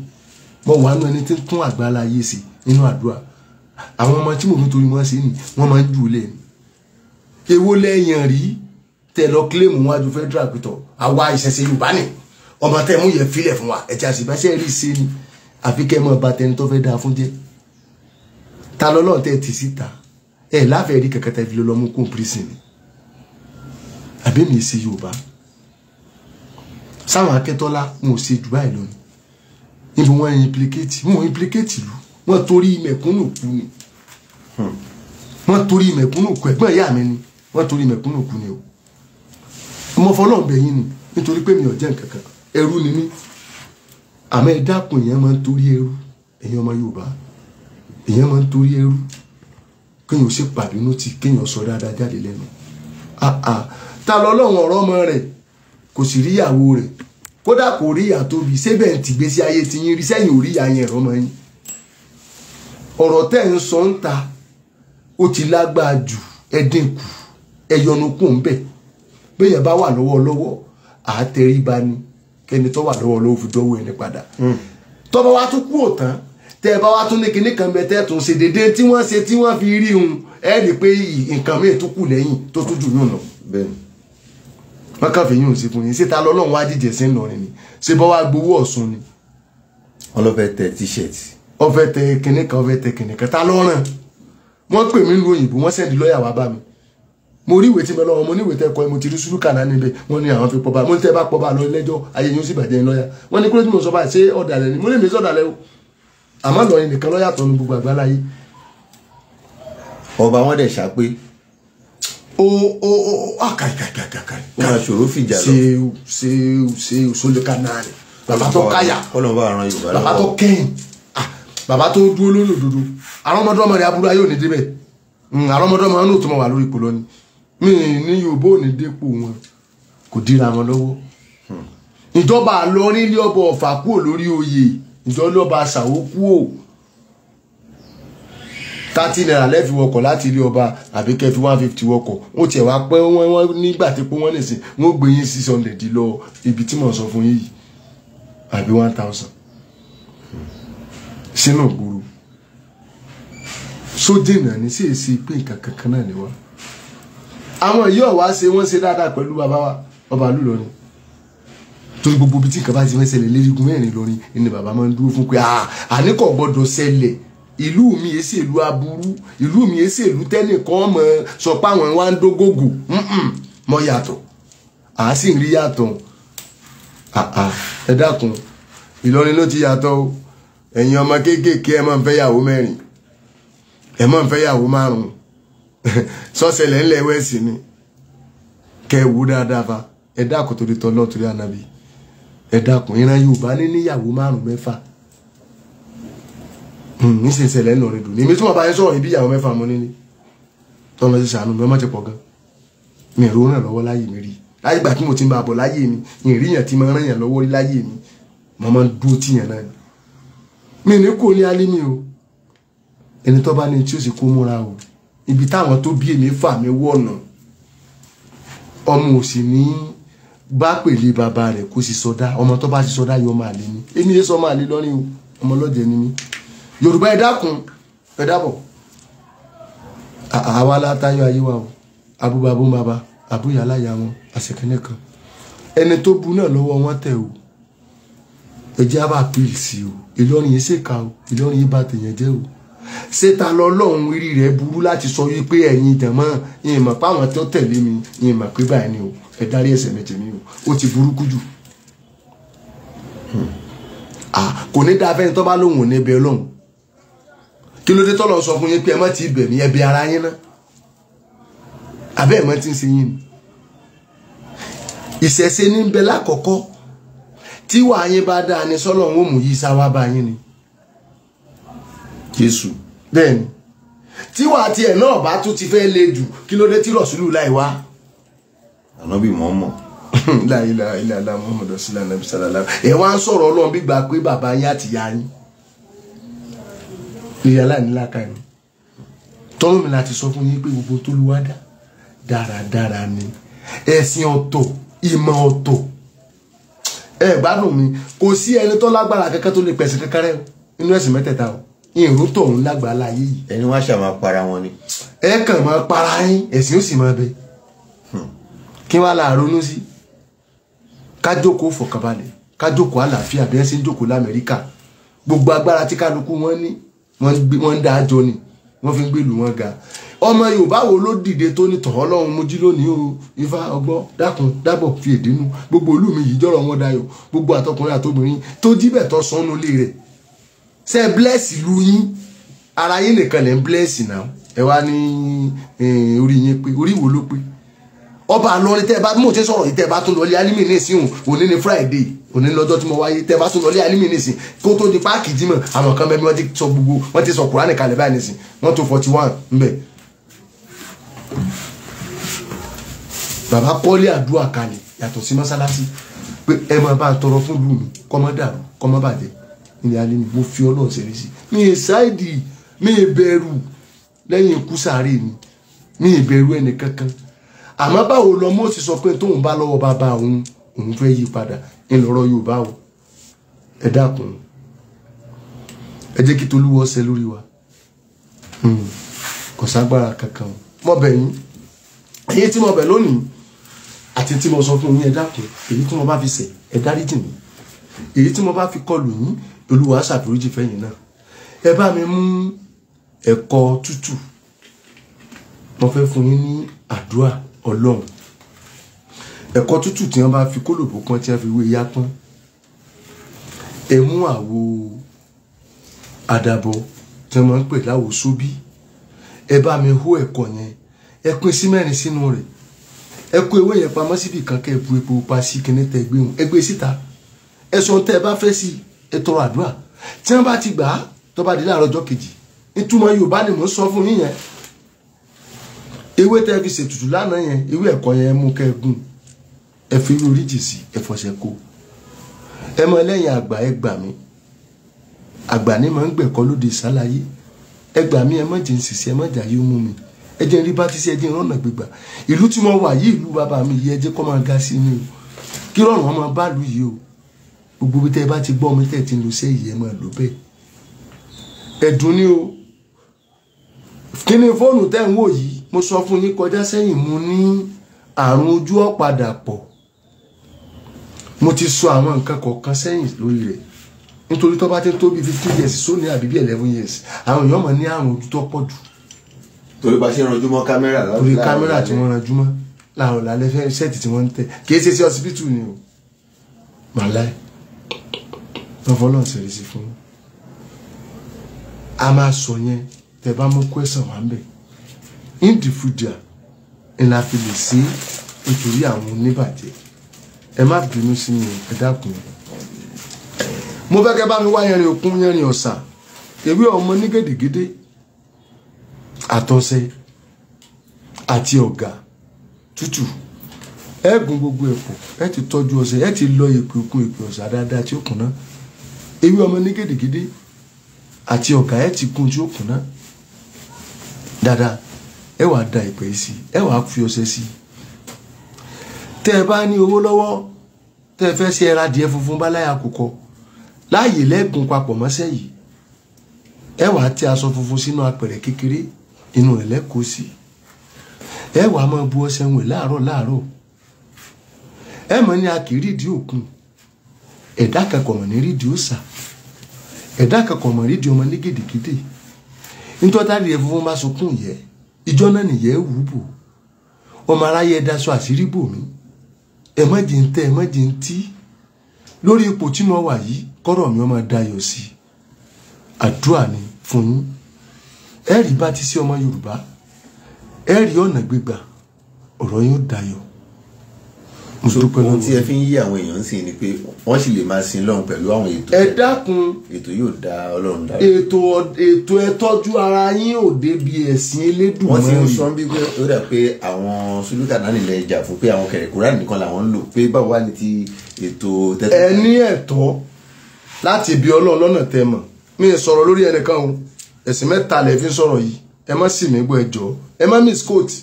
mo wà nù ẹni tí ń tún àgbà láyé sí nínú àdúrà àwọn ọmọ tí mò ń torí wọn sí ni wọ́n máa ń jù lẹ̀ ni èwo lẹ́yìn rí tẹ lọ kílèmù wájú federal pẹ̀tọ̀ àwa ìṣẹ̀ṣe yorùbá ni ọmọ tẹ mú yẹ filẹ̀ fún wa ẹ̀jẹ̀ àṣìbáṣẹ́ rí sí ni àfi kẹ́ mọ́ ba tẹni tó fẹ́ dáa fún jẹ́ ta lọ́lọ́ tẹ tì síta ẹ láfẹ̀ẹ́ rí kankan tẹ́ fi lọ lọ́mú kún prison ni àbí mi ṣe Yorùbá sáwọn Akíntọ́lá wọn ò ṣe jù báyìí lọ ni níbi wọn implicate wọn implicate ìlú wọn torí mẹ̀kúnnù kú ni hmm. wọn torí mẹ̀kúnnù kú ẹ̀gbọ́n ìyá mi ni wọn torí mẹ̀kúnnù kú ni o mo fọlọ́ọ̀ bẹ̀yìn ni nítorí pé mi ò jẹ́ nǹkan kan ẹrú ni mí àmọ́ ẹ dákun èèyàn máa ń torí ẹrú èèyàn ọmọ Yorùbá kéèyàn ṣe pàbínú tí kéèyàn sọ dáadáa jáde lẹ́nu ta lọ́lọ́run ọ̀rọ̀ ọmọ rẹ̀ kò sì rí ìyàwó rẹ̀ kódà kò rí ìyà tóbi sébẹ̀ ń tìgbésí ayé ti yín rí sẹ́yìn ò rí ìyà yẹn rọ́mọ yín ọ̀rọ̀ tẹ́ ń sọ ń ta ó ti lágbára jù ẹ dínkù ẹ ń bẹ̀ bẹ́yẹn bá wà lọ́wọ́lọ́wọ́ àátẹríba ni kẹ́ni tó wà lọ́wọ́lọ́wọ́ fi dọ́wọ́ ẹni padà hmm. tọ́mọ wa tún kú òtán tẹ́ ẹ bá wá tún ní kinní kan bẹ tẹ́ ẹ tún ṣe déédéé tí wọ́n ṣe tí wọ́n fi rí un ẹ rí i pé nǹkan míì tó kù lẹ́yìn tó tún jù yún lọ bẹ́ẹ̀ni wọ́n kàn fi yún sí fún yín síta lọ́lọ́run wá jíjẹ sí ńlọrin ni ṣé bọ́ wá gbowó ọ̀ṣun ni. wọ́n lọ fẹ́ tẹ t-shirt. wọ́n fẹ́ tẹ kinní kan wọ́n fẹ́ tẹ kinní kan ta lọ́rùn wọ́n pè mí lu òyìnbó wọ́n sẹ́ndì lọ́ọ̀yà wá bá mi mo rí ìwé tí mo lọ́wọ́ mo ní ìwé tẹ́ kọ́ ẹ mo ti rí sùlùkà náà níbẹ̀ wọ́n ní àwọn fi pọ̀ bá mo ní tẹ́ bá pọ̀ bá lọ lẹ́jọ́ ayé yín ó ni mo lè mí sọ̀dàlẹ̀ àmọ́ lọ́yìn nìkan ló yàtọ̀ ní gbogbo àgbáláyé. ọba wọn dẹ̀ ṣàpé. o o o kai. ó máa ṣòro fìjà lọ. ṣéu ṣéu ṣéu sólùkà náà ni bàbá tó káyà bàbá tó kẹ́yìn ah, bàbá tó dúró lónìí òdodo àwọn ọmọdé ọmọ rẹ aburú ayé ò ní débẹ̀ hmm, àwọn ọmọdé ọmọ náà tó mọ wà lórí ipò lónìí mi ní yorùbá ò ní dépò wọn kò dira wọn lọ́wọ́ hmm. ìjọba àlọ nílé ọbọ ǹjọ́ lọ́ba ṣàwó kú ò thirty naira lẹ́ẹ̀fi wọkọ̀ láti ilé ọba àbí kẹfí one fifty wọkọ̀ wọ́n tiẹ̀ wá pẹ́ wọ́n wọ́n nígbà tí pé wọ́n lè sìn wọ́n gbé yín six hundred lọ ibi tí mò ń sọ fún yín yìí àbí one thousand sínú ògbóró sójà náà ní sí èsì pé nǹkan kankan náà ni wá àwọn yìí ọ̀wá ṣe wọ́n ṣe dáadáa pẹ̀lú bàbá wa ọba lùlọ ni torí gbogbo bí tí nǹkan ti fẹ́ ṣẹlẹ̀ lẹ́dígun mẹ́rin lórin ni bàbá máa ń dúró fún pé ah, àníkọ̀ gbọ́dọ̀ ṣẹlẹ̀ ìlú mi yé sí ìlú aburú ìlú mi yé sí ìlú tẹ́nìkan mọ̀ sọ pé àwọn wa ń dógógò mọ́ yàtọ̀ à á sì ń rí yàtọ̀ ẹ dákun Ìlọrin ló ti yàtọ̀ o ẹ̀yin ọmọ kéékèèké ẹ máa ń fẹ́ yàwó mẹ́rin ẹ máa ń fẹ́ yàwó márùn-ún <laughs> sọ́sẹ̀lẹ̀ ńlẹ̀ wẹ́ẹ̀sì ni kẹ́ ẹ wú dáadáa fa ẹ dákun torí tọ́lọ́ torí ànábì ẹ dákun ìran yorùbá ní níyàwó márùn mẹ́fà hmm, níṣẹ́ ìṣẹ̀lẹ̀ ńlọrin dùn ní èmi tí wọ́n bá yẹn sọ̀rọ̀ ibi ìyàwó mẹ́fà mo nílé tọ́lọ́ ti ṣàánú mi ọmọ ti pọ̀ gan mi ìró ràn lọ́wọ́ láyé mi rí láyé ìgbà tí mo ti máa bọ̀ láyé mi ìrìyàn ti máa ràn yàn lọ́wọ́ láyé mi mo máa ń dúró tìyàn náà mi ní kò ní alẹ́ mi o ẹni tó bá ní tí ó sì kó múra o ibi táwọn tó bí èmi fà mí wọ̀nà ọmọ òsì ní bá pèlè bàbá rẹ̀ kó sì sọdá ọmọ tó bá sì sọdá yóò máa lé ní èmi yé sọ máa lé lọ́rin o ọmọ ọlọ́jẹ̀ ni mí yorùbá ẹ dákun ẹ dábọ̀ àwa látayọ ayé wa o abúbabú bàbá àbúyà aláya wọn àṣekẹ́nẹ́ kan ẹni tó bu náà lọ́wọ́ wọn tẹ̀ o ẹjẹ́ á bá sí o ìlọrin yìí ṣèkà o ìlọrin yìí bá tèèyàn jẹ́ o ṣéta lọ́lọ́run rí rẹ̀ burú láti sọ wípé ẹ̀yin ìdàmọ́ ìyìnbọn pàwọn tó tẹ̀lé mi ìyìnbọn pé báyìí ni o ẹ dárí ẹ̀ṣẹ̀ mi o ó ti burúkú jù hmm. ah, kò ní dáa fẹ́ni tó bá lóun ò ní bẹ lóun kí ló dé tọ́lọ̀ sọ fún yín pé ẹ má ti bẹ̀ mí ẹbí ara yín náà àbẹ́ ẹ̀ mọ́ ti ń ṣe yín ìṣẹ̀ṣe ní bẹ lákọ̀ọ́kọ́ tí wàá yín bá dáa ni sọ́lọ̀ ń mú yìí sáwá bá yín ni Jésù bẹ́ẹ̀ ni tí wàá tiẹ̀ náà bá tún ti fẹ́ le jù kí ló dé tí rọ̀ṣúlù láì wá ànábì mọ́mọ́ láìla ìlàlá muhammadu sílẹ̀ nàbí sàlálà ẹ̀ wá ń sọ̀rọ̀ ọlọ́run bí gbà pé bàbá yín àti ìyá yín ìyá láìníla ká ni tọ́lọ́mì láti sọ fún yín pé gbogbo tó lu wá dá dáradára ni ẹ̀sìn ọ̀tọ̀ ìmọ̀ ọ̀tọ̀ ẹ gbádùn mi kò sí ẹni tó lágbára kankan tó lè pẹ̀sìn kankan rẹ inú ẹ̀sìn mẹ́tẹ̀ẹ̀ta o ìró tọ̀hún lágbàá láyé yìí. ẹni wá ṣàmà para wọn ni. ẹ kàn máa para yín ẹ̀sìn ó sì máa bẹ kí wàá là ronú sí ká jókòó fọkànbalẹ̀ ká jókòó àlàáfíà bí wọ́n ṣe ń jókòó lamẹ́ríkà gbogbo agbára tí kálukú wọn ní wọ́n ń dá àjọ ni wọ́n fi ń gbèlú wọn ga ọmọ yorùbá wo ló dìde tó ní tọ̀họ́ lọ́hún mojú lónìí o ifá ọgbọ́ dákun dábọ̀ fi èdínú gbogbo olú mi yìí jọ̀rọ̀ wọn dayọ̀ gbogbo àtọkùnrin àtobìnrin tó jíbẹ̀ tó sọnù lé rẹ̀ ṣe blẹ́ẹ̀sì lu yín ara yín nìkan lẹ́ ń blẹ́ẹ̀sì náà ẹ wá ní eh, orí yín pé orí wo ló pé ọba àlọrin tẹ́ ẹ bá mò ti sọ̀rọ̀ yìí tẹ́ ẹ bá tún lọlé alimi nísìn òní ni friday òní lọ́jọ́ tí mo wáyé tẹ́ ẹ bá tún lọlé alimi nísìn kó tó di páàkì jímọ̀ àwọn kan bẹ́ẹ̀ wọ́n ti sọ gbogbo wọ́n ti sọ kùránì kalẹ̀ báyìí nísìn wọ́n tó forty one ńbẹ̀. bàbá kọ́lé àdúrà kalẹ̀ yàtọ̀ sí mọ́sálásí pé ẹ máa bá a tọrọ fún lù mí kọ́mọ dàrú kọ́mọ bàjẹ́ ilé alimi mo fi ọlọ́run ṣeré sí mi ì sáìdì mi ì bẹ̀rù lẹ́yìn ikú sàárè mi mi ì bẹ̀rù ẹnì kankan àmọ́ báwo lọmọ sì sọ pé tóun bá lọ́wọ́ bàbá òun òun fẹ́ yí padà ńlọrọ Yorùbá o ẹ dákun ẹ jẹ́ kí tolúwọ́ ṣe lórí wa hmm. kò ságbára kankan o mo bẹ̀ yín èyí tí mo bẹ̀ lónìí àti tí mo sọ fún yín ẹ dákun èyí tí mo bá fi ṣẹ̀ ẹ dáríjì mí èyí tí mo bá fi kọlù yín Olúwa ṣàforíjì fẹ́yìn náà ẹ bá mi mú ẹ̀kọ tútù mo fẹ́ fún yín ní àdúrà ọlọ́run ẹ̀kọ́ tútù tí wọ́n bá fi kólòbó kan tí wọ́n fi wé yá pọ́n ẹ mú àwo àdàbọ̀ tí wọ́n máa ń pè láwo sóbí ẹ bá mi hó ẹ̀kọ́ yẹn ẹ pín sí mẹ́rin sínú rẹ̀ ẹ kó ewé yẹn pamọ́ síbi kan kẹ́ ẹ bu epo pa sí kíní tẹ gbé wọn ẹ gbé síta ẹ sọ ohun tẹ́ ẹ bá fẹ́ sí ẹ tọrọ àdúrà tí wọ́n bá ti gbà á tó bá di láàárọ̀ ọjọ́ kejì ìtumọ̀ yorùbá ni mò ń sọ fún yín yẹn ewé tẹ́ fi ṣètùtù lánàá yẹn ewé ẹ̀kọ́ yẹn mú kẹ́gùn ẹ fi irú ríjì sí ẹ fọṣẹ kó ẹ mọ lẹ́yìn àgbà ẹ gbà mí àgbà ni màá ń gbẹ̀kọ́ lóde ìsálayé ẹ gbà mí ẹ mọ̀ jẹ́ ń ṣiṣẹ́ ẹ mọ̀ jà yóò mú mi ẹ jẹ́ ń rí bá ti ṣe ẹ jẹ́ ń rọ́nà gbégbà ìlú tí mo wà yìí ìlú bàbá mi yìí ẹ jẹ́ kó máa ga sí mi o kí rọrùn wọn máa bá lu yìí o gbogbo bí tẹ́ ẹ bá ti gbọ́ ọmọ tẹ́ ẹ ti lu iṣẹ́ yìí ẹ máa lò bẹ́ẹ̀ ẹ̀dùn ni o kí ni fóònù tẹ́ ń wò yìí mo sọ fún yín kọjá sẹ́yìn mo ní àrùn ojú ọ̀padà pọ̀ mo ti sọ àwọn nǹkan kọ̀ọ̀kan sẹ́yìn lórí rẹ̀ nítorí tó bá ti ń tó bí fifteen years sóní àbí bí eleven years àwọn èèyàn mọ̀ ní àrùn ojú tó pọ̀ jù. torí bá ṣe ranjú mọ́ kámẹ́rà láàrọ̀ lálẹ́ torí kámẹ́rà tí wọ́n ranjú mọ́ láàrọ̀ lálẹ́ fẹ́ sẹ́ẹ̀tì tí wọ́n ń tẹ̀ kì í ṣe sí ọsibítù ni o màláì wọn fọlọ́n ṣẹlẹ̀ sí fún un a máa sọ yẹn tẹ bá mú kwẹ́sàn wá ń bẹ̀ indifudia ńlá fi lè ṣe nítorí àwọn oníbàjẹ́ ẹ má bínú sí mi ẹ dákun mo fẹ́ kẹ́ bá mi wá yẹrin òkun yẹrin ọ̀sà ewé ọmọ ní gèdègèdè àtọ́sẹ́ àti ọ̀gá tútù ẹ gún gbogbo ẹ̀pọ̀ ẹ ti tọ́jú ọ̀sẹ̀ ẹ ti lọ èpè òkun èpè ọ̀sà dáadáa tí ó kùnà ewé ọmọ ní gèdègèdè àti ọ̀gá ẹ ti kún tí ó kùnà dáadáa ẹ wàá da ìpè sí ẹ wàá fi ọṣẹ sí tẹ ẹ bá ní owó lọ́wọ́ tẹ ẹ fẹ́ ṣe ẹra díẹ̀ funfun bá láyà kókó láàyè lẹ́ẹ̀kún papọ̀ mọ́ṣẹ́ yìí ẹ wàá tẹ aṣọ funfun sínú apẹ̀rẹ̀ kékeré inú rẹ̀ lẹ́kọ̀ọ́ sí ẹ wàá máa bu ọṣẹ wẹ̀ láàárọ̀ láàárọ̀ ẹ mọ̀ ní a òkun ẹ̀dá kankan mọ̀ ní rídìí òòṣà ẹ̀dá kankan mọ̀ rídìí ọmọ ní gidigidi nítorí táyà ẹ̀ funfun bá sunkún yẹn ìjọ náà nìyẹn wù bò ọmọ aráyé ẹ daṣọ àṣírí bò mí ẹ má jẹ́ ń tẹ́ ẹ má jẹ́ ń tí lórí ipò tí mo wà yìí kọ́rọ̀ mi ọmọ dayọ̀ sí i àdúrà ni fún yín ẹ rí bá ti sí ọmọ Yorùbá ẹ rí ọ̀nà gbígbà ọ̀rọ̀ yín ó mo dúpẹ́ lọ́wọ́ ohun tí ẹ fi ń yí àwọn èèyàn sí ni pé wọ́n sì lè máa sin lọ́run pẹ̀lú àwọn ètò ẹ dákun ètò yóò da ọlọ́run dára ètò ètò ẹ tọ́jú ara yín ò débi ẹ̀sìn elédùnmọ́ wọ́n ti ń sọ bí pé ó dà pé àwọn sùlùkà náà nílẹ̀ ìjà fún pé àwọn kẹ̀rẹ̀kúrà nìkan làwọn ń lò pé báwo wá ní ti ètò tẹ́tẹ́. ẹ ní ẹ̀tọ́ láti ibi ọlọ́run tẹ o ẹ̀sìn mẹ́ta lẹ̀ fi ń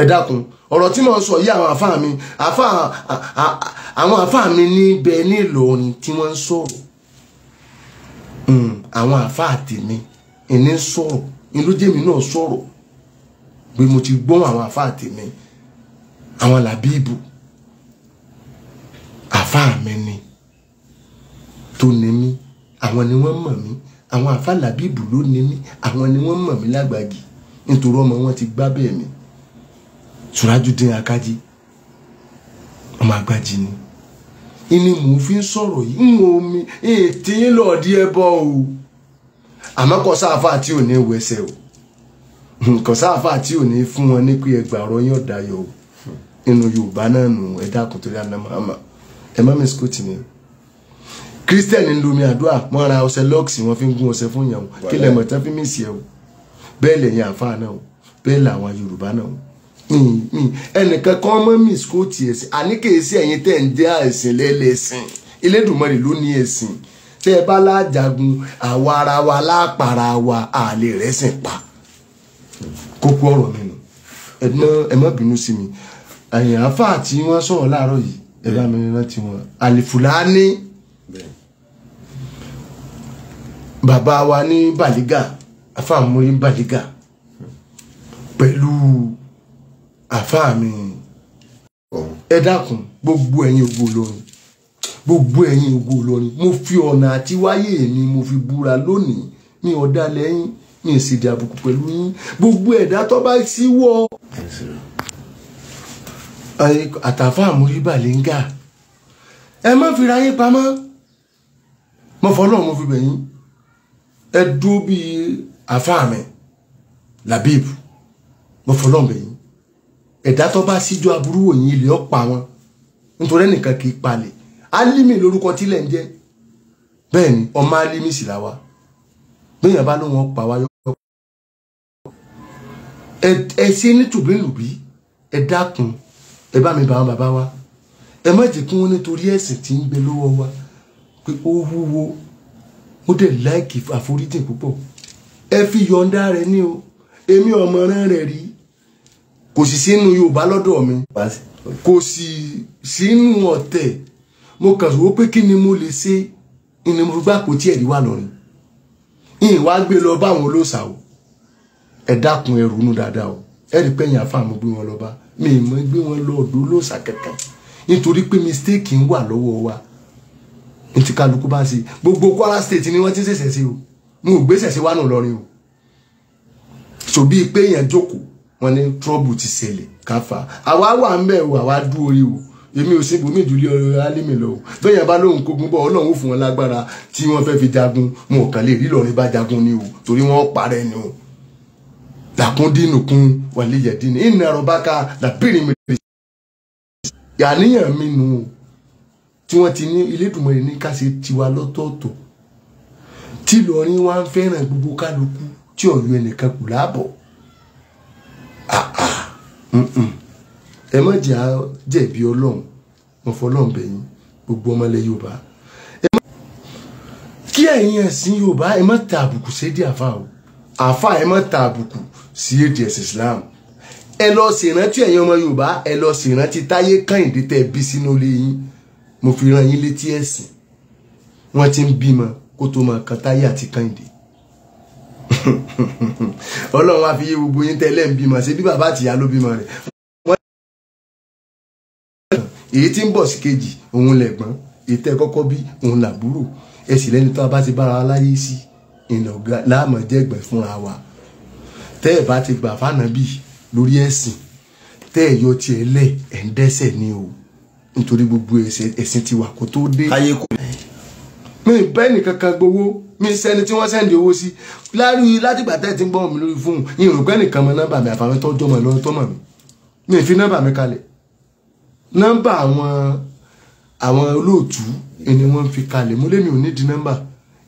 ẹ dákun ọ̀rọ̀ tí mo sọ yí àwọn àfáà mi àwọn àfáà mi níbẹ̀ nílòrin tí wọ́n ń sọ̀rọ̀ hmm, àwọn àfáà tèmi ẹni sọ̀rọ̀ ìlújẹ̀mí náà sọ̀rọ̀ pé mo ti gbọ́n àwọn àfáà tèmi àwọn làbíìbù àfáà mi ni tó ní mí àwọn ni wọ́n mọ̀ mí àwọn àfáà làbíìbù ló ní mí àwọn ni wọ́n mọ̀ mí lágbàgì nítorí ọmọ wọn ti gbá bẹ́ẹ̀ mi. Surajudeen Akaji ọmọ agbájí ni ìní mò ń fi sọ̀rọ̀ yìí ń wo mi ètè lọ́ọ̀dí ẹ bọ́ o àmọ́ kọ́sáfà tí ò ní wẹsẹ̀ o kọ́sáfà tí ò ní fún wọn ní pé ẹgbàárọ̀ yóò dayọ̀ o nínú Yorùbá náà nù ẹ dákun torí àná màmá ẹ má mi sikúùtì ni Christian ń lomi àdúrà wọn ra ọṣẹ lọọsì wọn fi ń gún ọṣẹ fún ìyàwó kí lẹmọtán fi mí sí ẹ o bẹ́ẹ̀ lẹ́yìn àáfàá náà o bẹ́ẹ̀ làwọn Yorùbá náà o Mm, mm. ẹnìkan kan mọ́ mi skóòtì ẹ̀sìn àní kìí sí ẹ̀yin tẹ̀ ń dé ẹ̀sìn lẹ́lẹ́sìn Elédùmarè ló ní ẹ̀sìn tẹ́ ẹ bá lájagun àwa ara wa lápara wa àlè rẹ̀ sìn pa kókó ọ̀rọ̀ mi nù ẹ̀dùnà ẹ má bínú sí mi ẹ̀yìn àáfà tí wọ́n sọ̀rọ̀ láàárọ̀ yìí ẹ bá mi rántí wọn Àlìfùlání bàbá wa ní Bàlígà àfàmúrí Bàlígà pẹ̀lú àfáà mi ẹ dákun gbogbo ẹ̀yin ògo olórin gbogbo ẹ̀yin ògo olórin mo fi ọ̀nà àti wáyé mi mo fi búra lónìí mi ò dá lẹ́yìn mi ò sì dàbùkù pẹ̀lú yín gbogbo ẹ̀dá tó bá síwọ́ àtàfà àmúríbà lè ń gà ẹ má fi ra yín pamọ́ mo fọlọ́ mo fi bẹ̀yìn ẹ dúró bíi àfáà mi làbíb mo fọlọ́ bẹ̀yìn ẹ̀dá tó bá síjú aburú òyìn ilé ọ̀pá wọn nítorí ẹnìkan kì í palẹ̀ alimi lórúkọ tílẹ̀ ń jẹ́ bẹ́ẹ̀ ni ọmọ alimi sì là wa bẹ́ẹ̀ bá ló wọn pa wá yọ. ẹ ṣe ní tùbínlùbí ẹ dákun ẹ bá mi bá wọn bàbá wa ẹ má jẹ́ kí wọ́n nítorí ẹ̀sìn tí ń gbé lọ́wọ́ wa pé ó wúwo ó dẹ̀ láìkì àforíjì púpọ̀ ẹ fi yọ̀ǹda rẹ ní o èmi ọmọ rẹ rí kò sì sínú Yorùbá lọ́dọ̀ mi kò sì sínú ọ̀tẹ̀ mo kàn rò ó pé kí ni mo lè ṣe ni mo gbà kó tí ẹ̀rí wà lọ́rin ìyìn wá gbé lọ bá àwọn olóòṣà o ẹ dákun ẹ ronú dáadáa o ẹ rí pẹ́yìn àfàmù gbé wọn lọ bá mi mọ gbé wọn lọ ọ̀dọ̀ olóòṣà kankan nítorí pé mistake wà lọ́wọ́ wa ní ti kálukú bá ṣe gbogbo Kwara State ni wọ́n ti ń ṣẹ̀ṣẹ̀ sí o mo gbé ṣẹ̀ṣẹ̀ wà nù lọ́rin o ṣòbí pé èèyàn jókòó wọ́n ní trouble ti ṣẹlẹ̀ káfa àwa wà ń bẹ̀ wò àwa dú orí wò èmi ò sí ibùmí ìdúlé ọ̀rọ̀ alímì lọ bẹ́yẹn bá lóun kógun bọ̀ ọlọ́run ó fún wọn lágbára tí wọ́n fẹ́ fi jagun wọn ò kàn lè rí lọ́rin bá jagun ni o torí wọ́n parẹ́ ni o làkúndínlùkún wàlíyẹ̀dínì ìnà rọ̀bákà làbírin mi lè ṣe àníyàn mi nù o tí wọ́n ti ní Elédùmarè ní ká ṣe tiwa lọ́tọ̀ọ̀tọ̀ tí Ìlọrin wa ń fẹ́ràn gbogbo kálukú tí ọ̀yọ́ ẹnìkan kù láàbọ̀ ẹ má jẹ́ jẹ̀bi ọlọ́run mo fọlọ́run bẹ̀yìn gbogbo ọmọlẹ̀ yorùbá kí ẹ̀yin ẹ̀sìn yorùbá ẹ má ta àbùkù sí èdè àfa o àfa ẹ má ta àbùkù sí èdè ẹ̀sìn islam ẹ lọ ṣèrántí ẹ̀yin ọmọ yorùbá ẹ lọ ṣèrántí táyé kẹ́hìndé tẹ́ bí sínú ilé yín mo fi rán yín létí ẹ̀sìn wọ́n ti ń bímọ kó tó máa kan táyé àti kẹ́hìndé ọlọ́run á fi yé gbogbo yín tẹ́lẹ̀ ń bímọ ṣe bí bàbá àtìyá ló bímọ rẹ̀ èyí tí ń bọ̀ sí kejì òun lẹ̀gbọ́n èyí tẹ́ kọ́kọ́ bí òun làbúrò ẹ sì lẹ́ni tó a bá ti bára láyé sí ìnàgà láàmọ̀ jẹ́gbẹ̀ fúnra wa tẹ́ ẹ̀ bá ti gbà fánà bì lórí ẹ̀sìn tẹ́ ẹ̀ yọ tiẹ̀ lẹ̀ ẹ̀ ń dẹ́sẹ̀ ni o nítorí gbogbo ẹ̀sìn tiwa kó tó dé. ayé kò. mi ì bẹ́ẹ̀ nìkan kan gbowó mi sẹni tí wọ́n sẹ́ndì owó sí lárí látìgbà tẹ́ ti ń gbọ́ mi lórí fóònù ìrùn pẹ́ nìkan mọ nọ́mbà mi àfàwọn tó jọmọ lọ́wọ́ tó mọ̀ mi mi fi nọ́mbà mi kalẹ̀ nọ́mbà àwọn àwọn olóòtú ni wọ́n fi kalẹ̀ mo lémi ò ní di nọ́mbà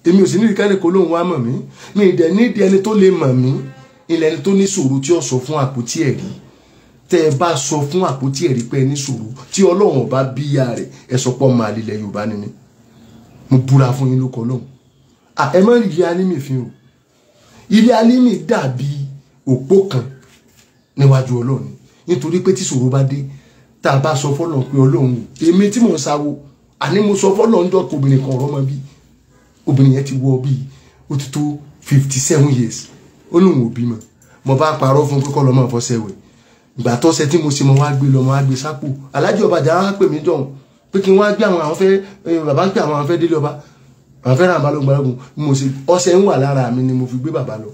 èmi ò sì ní ìkànnì kó lóun wá mọ̀ mí mi ì dẹ̀ ní ìdí ẹni tó lè mọ̀ mí ilẹ̀ ẹni tó ní sùúrù tí ó sọ fún àpótí ẹ̀rí tẹ́ ẹ bá sọ fún àpótí ẹ̀rí pé ẹ ní sùúrù tí ọlọ́run ọba bíyà rẹ̀ ẹ sọ pé ọmọ àlè ilẹ̀ yorùbá ni mo búra fún yín lóko ọlọ́run ẹ má rí ilé alímì fi hàn ilé alímì dàbí òpó kan níwájú ọlọ́run nítorí pé tíṣòro bá dé tá a bá sọ fọlọ́ pé ọlọ́run èmi tí mò ń sáwo àní mo sọ fọlọ́ ń dọ́kọ̀ obìnrin kan ọ̀rọ̀ mọ́ bí obìnrin yẹn ti wọ bíi ó ti tó fifty seven years ó lóun ò bímọ mo bá parọ́ fún pé kọ́ lọ́mọ fọ́sẹ̀ ìgbà tọ́sẹ̀ tí mo ṣe mo wá gbé lọ́mọ wá gbé sápò alájọ ọba jà wá pè mí dọ̀hún pé kí n wá gbé àwọn àwọn fẹ́ eh, bàbá ń àwọn àwọn fẹ́ délé ọba màá fẹ́ràn balógun balógun mo ṣe ọṣẹ ń wà lára mi ni mo fi gbé bàbá lọ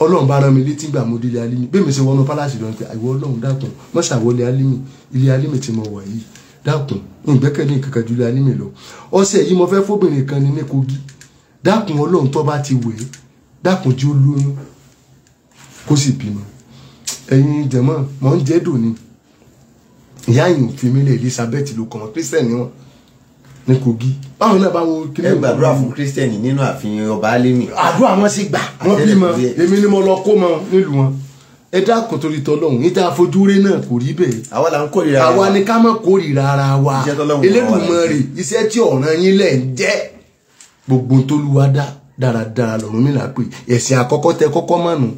ọlọ́run bá rán mi létí ìgbà mo délé alímì bẹ́ẹ̀ mi ṣe wọnú pálásì lọ́nà pé àìwọ ọlọ́run dákun mọ́ ṣàwọlé alímì ilé alímì tí mo wà yìí dákun ìgbẹ́kẹ̀lé kankan ju ilé alímì lọ ọṣẹ yìí mo fẹ́ fóbìnrin kan ní ní kogi dákun ọlọ́run tó bá ti wẹ̀ dákun tí ó lóyún kó sì bímọ ẹ̀yin jẹ̀mọ́ mọ̀ ń jẹ́ dòní ìyá yìí ò fi mí lẹ̀ Elizabeth ló kọ́ wọn Christian ni wọn ní kogi báwọn náà báwọn kiri. ẹ gbàdúrà fún kírísítẹ́nì nínú àfihàn ọba alẹ́mì. àdúrà wọn sì gbà wọn bímọ èmi ni mo lọ kó mọ nílùú wọn ẹ dákun torí tọlọ́run níta àfojúrí náà kò rí bẹ́ẹ̀. àwa la ń kórìíra ara wa àwa ni ká má kórìíra ara wa Elédùmarè iṣẹ́ tí ọ̀ràn yín lẹ̀ ń jẹ́ gbogbo tólúwa dá dáradára lọ́rùn mi là pé ẹ̀sìn àkọ́kọ́ tẹ kọ́kọ́ mọ̀nù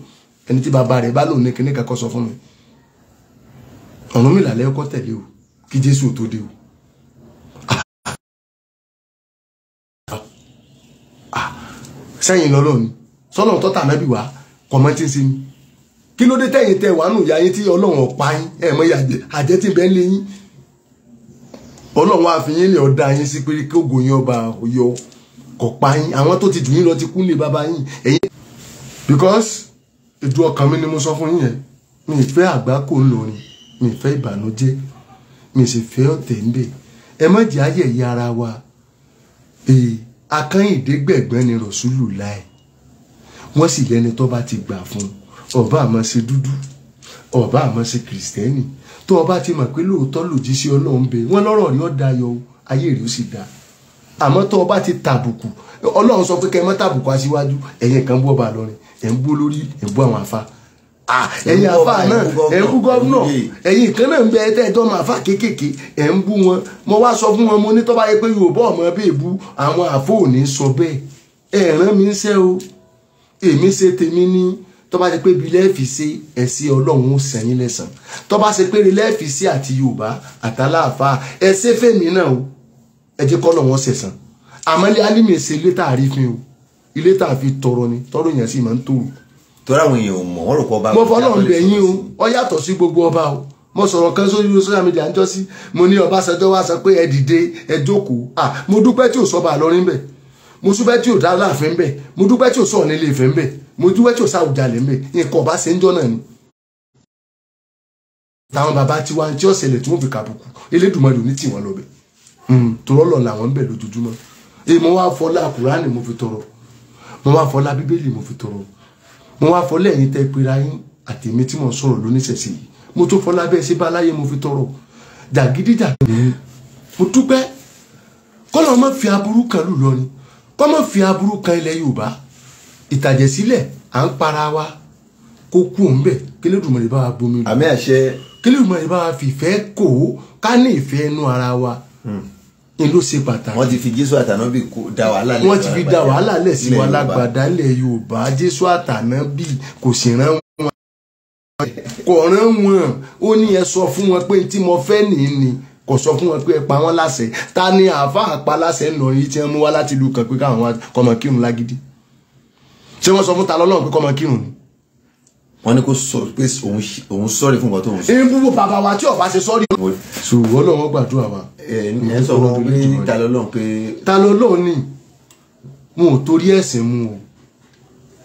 ẹni tí bàbá rẹ̀ bá lòun ní kíní kakọ́ sọ fún mi ọ̀run mi làlẹ́ ọkọ́ tẹ̀lé o kí Jésù tó dé o sẹ́yìn lọ́lọ́run ni sọ́lọ́run tọ́ta ànábì wá kọ̀mọ́ tí ń ṣe kí ló dé tẹ̀yìn tẹ̀ wánú ìyá yín tí ọlọ́run ọ̀pá yín ẹ̀ mọ́ ìyàjẹ́ àjẹ́ tí bẹ́ẹ̀ lé yín ọlọ́run wá fi ọ̀dà yín sí pé kí ògùn yín ọba yọ kọ̀pá yín àwọn tó ti jù yín lọ ti kú lè bàbá yín ẹ̀yìn. because ètò ọkàn mi ni mo sọ fún yín yẹn mi ìfẹ́ àgbákò ńlọrin mi ìfẹ́ ìbànújẹ́ mi sì fẹ́ ọ̀tẹ̀ ńbẹ̀ ẹ má jẹ́ ayẹyẹ ara wa ee akányìndé gbẹ̀gbẹ́ ni rọ̀ṣúlù láì wọ́n sì lẹ́ni tó bá ti gbà fún ọba àmọ́ ṣe dúdú ọba àmọ́ ṣe kìrìsìtẹ́nì tó ọba ti mọ̀ pé lóòótọ́ lòdì sí ọlọ́run bẹ wọ́n lọ́rọ̀ rí ọ̀dà yọ ayé rẹ̀ ó sì dáa àmọ́ tó ọba ti tàbùkù ọlọ́run sọ pé kẹ́ ẹ mọ́ tàbùkù aṣíwájú ẹ̀yẹ kan bú ọba àlọ́rin ẹ̀ ń bú olórí ẹ̀ bú àwọn àfa Ah, ẹ̀yin àfa náà ẹ̀ ń bú gómìnà ẹ̀yin kan náà ń bẹ ẹ̀tẹ́jọ́ máa fà kéékèèké ẹ̀ ń bú wọn mo wá sọ fún wọn mo ní tó bá yẹ pé Yorùbá ọmọ bẹ́ẹ̀ bú àwọn àfọ òní sọ bẹ́ẹ̀ ẹ̀ rán mi ń sẹ́ o èmi ṣe tèmi ní tó bá ṣe pé ibi lẹ́ẹ̀fì sí ẹ̀sìn ọlọ́run ó sẹ́yìn lẹ́sàn tó bá ṣe pé lẹ́ẹ̀fì sí àti Yorùbá àtàláàfà ẹ̀sẹ̀ fèmí náà o ẹ̀jẹ̀ kọ́ lọ́wọ́ sẹ̀sán àmọ́ ilé alímì ẹ̀sẹ̀ ilé tá a rí fi o ilé tá tọrọ ni tọrọ yẹn sì máa ń tòrò torí àwọn èèyàn ò mọ̀ wọ́n rò pọ̀ ọba. mo fọlọ́run bẹ̀ yín o ọ yàtọ̀ sí gbogbo ọba o mo sọ̀rọ̀ kan sórí social media ń jọ́sí mo ní Ọbásanjọ́ wá sọ pé ẹ dìde ẹ jókòó ah mo dúpẹ́ tí ò sọ́ba àlọ́rin bẹ̀ mo dúpẹ́ tí ò dá láàfin bẹ̀ mo dúpẹ́ tí ò sọ̀rọ̀ nílé ìfẹ́ bẹ̀ mo dúpẹ́ tí ò sáwùjalè bẹ̀ nǹkan ọba ṣe ń jọ́ náà ni. táwọn bàbá tiwa tí ó ṣẹlẹ̀ tí wọ́n fi kàbùkù Elédùmarè ní tiwọn lọ bẹ̀ hmm, tòrọ́ làwọn ń bẹ̀ lójoojúmọ́ èmi wá fọlá Kùránì mo fi tọrọ mo wá fọlá Bíbélì mo fi tọrọ mo wá fọlẹ́ yín tẹ́ pera yín àtẹ̀mí tí mo ń sọ̀rọ̀ lóníṣẹ̀ṣẹ̀ yìí mo tó fọlá bẹ́ẹ̀ sí bá láyé mo fi tọrọ jàgídíjà mo dúpẹ́ kọ́lọ́ má fi aburú kan lù lọ ni kọ́ má fi aburú kan ilẹ̀ Yorùbá ìtàjẹ̀sílẹ̀ à ń para wa kó kú òun bẹ̀ kílódùmọ̀lẹ́ bá wa bomi lù kílódùmọ̀lẹ́ bá wa fìfẹ́ kò ká ní ìfẹ́ inú ara wa. Mm èló ṣe pàtàkì. wọ́n ti fi jésù àtànábì da wàhálà lẹ̀ sí wa lágbàdá. wọ́n ti fi da wàhálà lẹ̀ sí wa lágbàdá lẹ̀ yorùbá jésù àtànábì kò sì rán wọn. kò rán wọn ó ní ẹ sọ fún wọn pé tí mo fẹ́ nìyí ni kò sọ fún wọn pé ẹ pa wọn láṣẹ ta ni àáfàá pa láṣẹ nà yìí tí wọn mú wá láti ìlú kan pé káwọn kọmọ lágídí ṣé wọn sọ fún ta lọ́lọ́run pé kọmọ ni wọ́n ní kó sọ pé òun sọ́ọ̀rì fún nǹkan tó ń sọ. irú gbogbo bàbá wa tí ọba ṣe sọ́ọ̀rì. ṣùgbọ́n lọ́wọ́ gbàdúrà wa. ẹ ẹ sọ wọn pé ta ló lóun pé. ta ló lóun ni wọn ò torí ẹ̀sìn mu o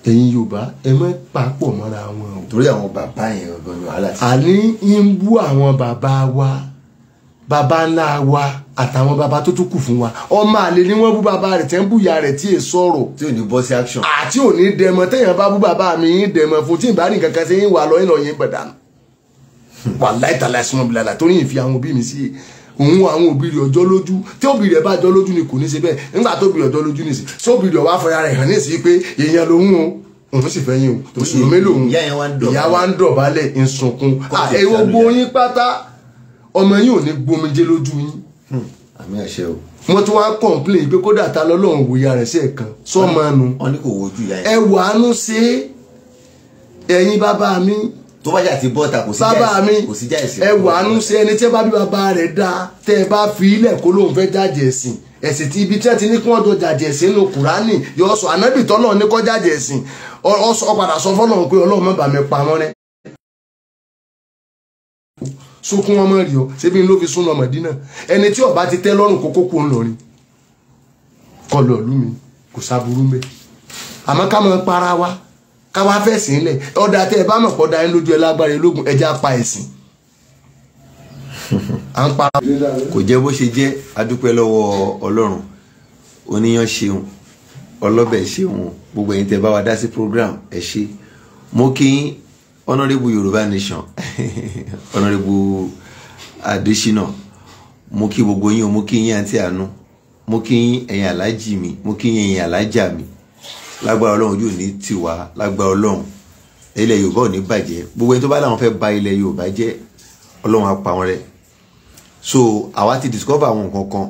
ẹ̀yin yorùbá ẹ mọ́ papọ̀ mọ́ra wọn o. torí àwọn bàbá yẹn gbọ́dọ̀ wàhálà ti. àní ń àwọn bàbá wa baba ńlá wa àtàwọn baba tó tún kù fún wa ọmọ àlè ni wọ́n bú baba rẹ̀ tẹ́ ń bú ìyá rẹ̀ tí è sọ̀rọ̀ tí ò ní bọ́ sí action àti ò ní dẹmọ téèyàn bá bú baba mi yín dẹmọ fún tí ìbá nìkan kan ṣe yín wà lọ yín lọ yín gbẹ̀dánù hmm. wàláì tàlà ìsúnmọ́ bìlàlà torí ìfi àwọn òbí mi sí i òun àwọn òbí rẹ̀ ọjọ́ lójú tí òbí rẹ̀ bá jọ lójú ni kò ní ṣe bẹ́ẹ̀ nígbà tó òbí rẹ̀ ọjọ́ lójú nìsí tí òbí rẹ̀ wá fẹ́ra rẹ̀ hàn nísìí pé èèyàn lòun o òun sì fẹ́ yín o mùsùlùmí lòun ìyá wa ń dọ̀bálẹ̀ ń sunkún yín pátá ọmọ yín ò ní gbomijé lójú yín. Hmm, àmì àṣẹ o. wọ́n tún wá ń kọ̀ǹpléyìn pé kódà ta lọ́lọ́run wo ìyá rẹ̀ sí sọ́mọ ẹnu. wọ́n ní kò wojú ìyá yẹn. ẹ wà á nú sí ẹ̀yin bàbá mi. tó bá yà ti bọ́ta kò sí jáìsì kò sí jáìsì. ẹ wà á nú sí ẹni tí ẹ bá bí bàbá rẹ̀ dá tẹ́ ẹ bá fi ilẹ̀ kó lóun fẹ́ jáde ẹ̀sìn ẹ̀sìn tí ibi tí wọ́n ti ní kí wọ́n jọ jàjẹ̀ sí inú kùránì yọ sọ ànábìtọ́ náà ní kọ́ jàjẹ̀ sí ọ padà sọ fọ́nà pé ọlọ́run mọ̀ sunkún wọn mọ rí ọ ṣébi ló fi sún lọ mọdínà ẹni tí ọba ti tẹ lọ́rùn kókó kó ń lọrin kọlọ ìlú mi kò sábúrú mbẹ àmọ́ ká máa para wa ká wá fẹsìn lẹ ọdà tẹ ẹ bá mọ pọ dání lójú ẹ lágbára ológun ẹjẹ apá ẹsìn <laughs> à ń para. kò jẹ́ bó ṣe jẹ́ adúpẹ́ lọ́wọ́ ọlọ́run oníyan ṣeun ọlọ́bẹ̀ ṣeun gbogbo ẹ̀yin tẹ bá wa dá sí program ẹ ṣe mo kí yín honourable yorùbá nation <laughs> honourable adesina mo kí gbogbo yín o mo kí yín àǹtí àánú mo kí yín ẹ̀yin aláàjì mi mo kí yín ẹ̀yin aláàjà mi lágbára ọlọ́run yóò ní tiwa lágbára ọlọ́run ilẹ̀ yorùbá ò ní bàjẹ́ gbogbo ẹni tó bá láwọn fẹ́ ba ilẹ̀ yorùbá jẹ́ ọlọ́run á wọn rẹ́ so àwa ti discover àwọn nǹkan kan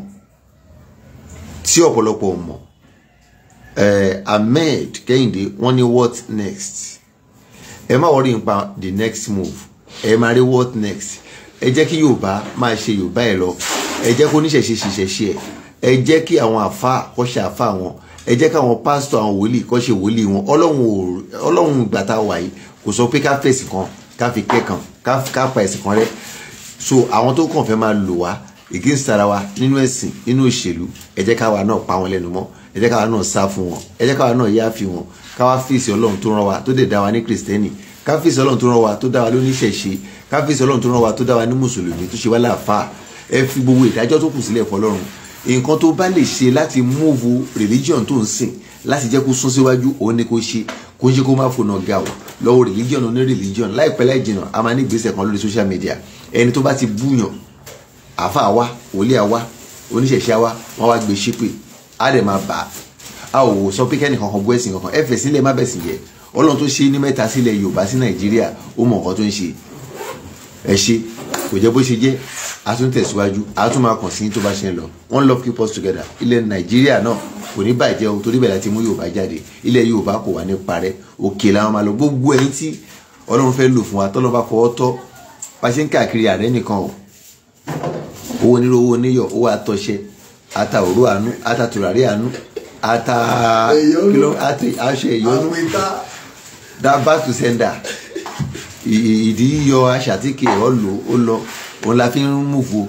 tí ọ̀pọ̀lọpọ̀ mọ̀ eh, ahmed kẹ́hìndé wọ́n ní what next ẹ má worry nípa the next move ẹ máa rí what next ẹ jẹ́ kí yorùbá máa ṣe yorùbá ẹ̀ lọ ẹ jẹ́ kó oníṣẹ̀ṣe ṣiṣẹ́ṣe ẹ̀ ẹ jẹ́ kí àwọn àfa kọ́ ṣe àfa wọn ẹ jẹ́ káwọn pásítọ̀ àwọn wòlíì kọ́ ṣe wòlíì wọn ọlọ́run ìgbà tá a wà yìí kò sọ pé ká fèsì kan ká fi kẹ́kàn ká pa ẹ̀sìn kan rẹ́ so àwọn tó kàn fẹ́ máa lò wá against ara wa nínú ẹ̀sìn nínú òṣèlú ẹ jẹ́ káwa náà pa wọn lẹ́nu mọ́ ẹ jẹ́ káwa náà sá fún wọn ẹ jẹ́ káwa náà yááfi wọn káwá fèsì ọlọ́run tó rán wa tó dẹ̀ dá wa ní kìrìsìtẹ́nì ká fèsì ọlọ́run tó rán wa tó dá wa lóníṣẹ̀ṣe ká fèsì ọlọ́run tó rán wa tó dá wa ní mùsùlùmí tó ṣe wá láàfáà ẹ fi gbogbo ìdájọ́ tó kù sílẹ̀ fọlọ́run nǹkan tó bá lè ṣe láti múvu religion tó ń sìn láti jẹ́ kó sún síwájú òun ni kó ṣe kó ṣe kó má fònà ga o lọ́wọ́ religion oní religion láìpẹ́ láì jìnnà a máa ní ìgbésẹ̀ kan lórí social media ẹni tó bá ti búyàn àfa àwa wòlíà wa oníṣẹ̀ṣẹ̀ wa wọ́n wá gbé ṣépè á dẹ̀ máa bà á a ò sọ pé kẹ́ni kankan bú ẹ̀sìn kankan ẹ fẹ̀ sílẹ̀ má bẹ̀sìn jẹ́ ọlọ́run tó ṣe ní mẹ́ta sílẹ̀ yorùbá sí nàìjíríà ó mọ nǹkan tó ń ṣe ẹ ṣe kò jẹ́ bó ṣe jẹ́ a tún tẹ̀síwájú a tún máa kàn sí tó bá ṣe ń lọ one love keep us together ilẹ̀ nàìjíríà náà kò ní bàjẹ́ o torí bẹ̀rẹ̀ ti mú yorùbá jáde ilẹ̀ yorùbá kò wà ní parẹ́ òkè làwọn máa lọ gbogbo ẹ̀yin tí ọlọ́run fẹ́ lò fún wa tọ́lọ́ bá fọwọ́ tọ́ bá ṣe ń káàkiri ààrẹ nìkan o owó onírò owó oníyọ̀ owó àtọ̀ṣe àtàwòrò àánú àtàtùràrí àánú ata kilo ati aṣọ èyónú that back to sender ìdí yọ aṣàtìkè ọlọ ó lọ òun la fi ń múfo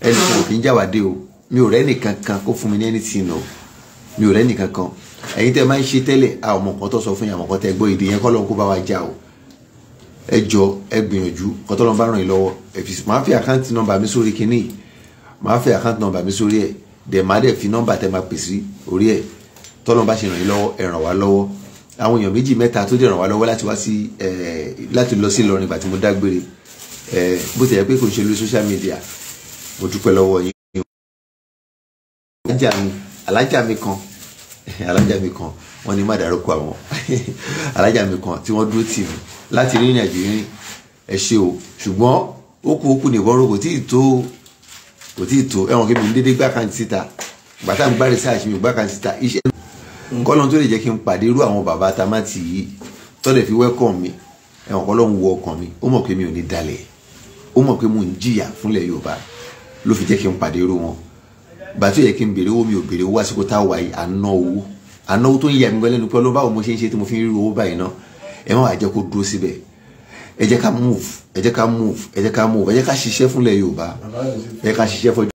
ẹnìkan kì í jáwádé o mi ò rẹ́ nìkan kan kó fún mi ní anything o mi ò rẹ́ nìkan kan ẹ̀yin tẹ́ máa ń ṣe tẹ́lẹ̀ a ò mọ̀ nǹkan tó sọ fún yín àmọ́ nǹkan tẹ́ gbọ́ èdè yẹn kọ́ lọ́n kó bá wa já o ẹ jọ ẹ gbìyànjú kọ́ tọ́lọ́n bá ràn yín lọ́wọ́ ẹ fi máa fi àkáǹtì nọ́mbà mi sórí kínní máa fi àkáǹtì nọ́mbà mi sórí ẹ̀ dẹ̀ máa dẹ̀ fi nọ́mbà tẹ́ máa pèsè orí ẹ̀ tọ́lọ́n bá ṣe ràn yín lọ́wọ́ ẹ ràn wá lọ́wọ́ àwọn èèyàn méjì mẹ́ta tó dẹ̀ ràn wá lọ́wọ́ láti wá sí láti lọ sí Ìlọrin ìgbà tí mo dágbére bó ti yẹ pé kò ń ṣe lórí social media mo dúpẹ́ lọ́wọ́ yín alájà mi alájà mi kan <laughs> alájà mi kan wọ́n ní má dárúkọ àwọn <laughs> alájà mi kan tí wọ́n dúró tì mí láti rìnrìn àjò rìn ẹ ṣe o ṣùgbọ́n ó kú ó kú nìbọn rògbò tí ì kò tí ì tó ẹ̀wọ̀n kébì ní dédé gbà kan síta bàtà ń gbá research mi gbà kan síta iṣẹ́ nkọ́lọ́n mm. tó lè jẹ́ kí n pàdé irú àwọn bàbá tamati yìí tọ́lẹ̀ fi wẹ́kọ̀ mi ẹ̀wọ̀n kọ́lọ́n wọ ọkàn mi ó mọ̀ pé mi ò ní dalẹ̀ ó mọ̀ pé mo ń jìyà fúnlẹ̀ Yorùbá ló fi jẹ́ kí n pàdé irú wọn bàtú yẹ kí n béèrè owó mi ò béèrè owó àsìkò tá a wà yìí àná owó àná owó tó ń yà mí gbọ́n lẹ́nu pé ọlọ́run báwo mo ṣe ń ṣe tí mo fi ń rí owó báyìí náà ẹ jẹ́ ká move ẹ jẹ́ ká move ẹ jẹ́ ká ṣiṣẹ́ fúnlẹ̀ Yorùbá ẹ jẹ́ ká ṣiṣẹ́ fún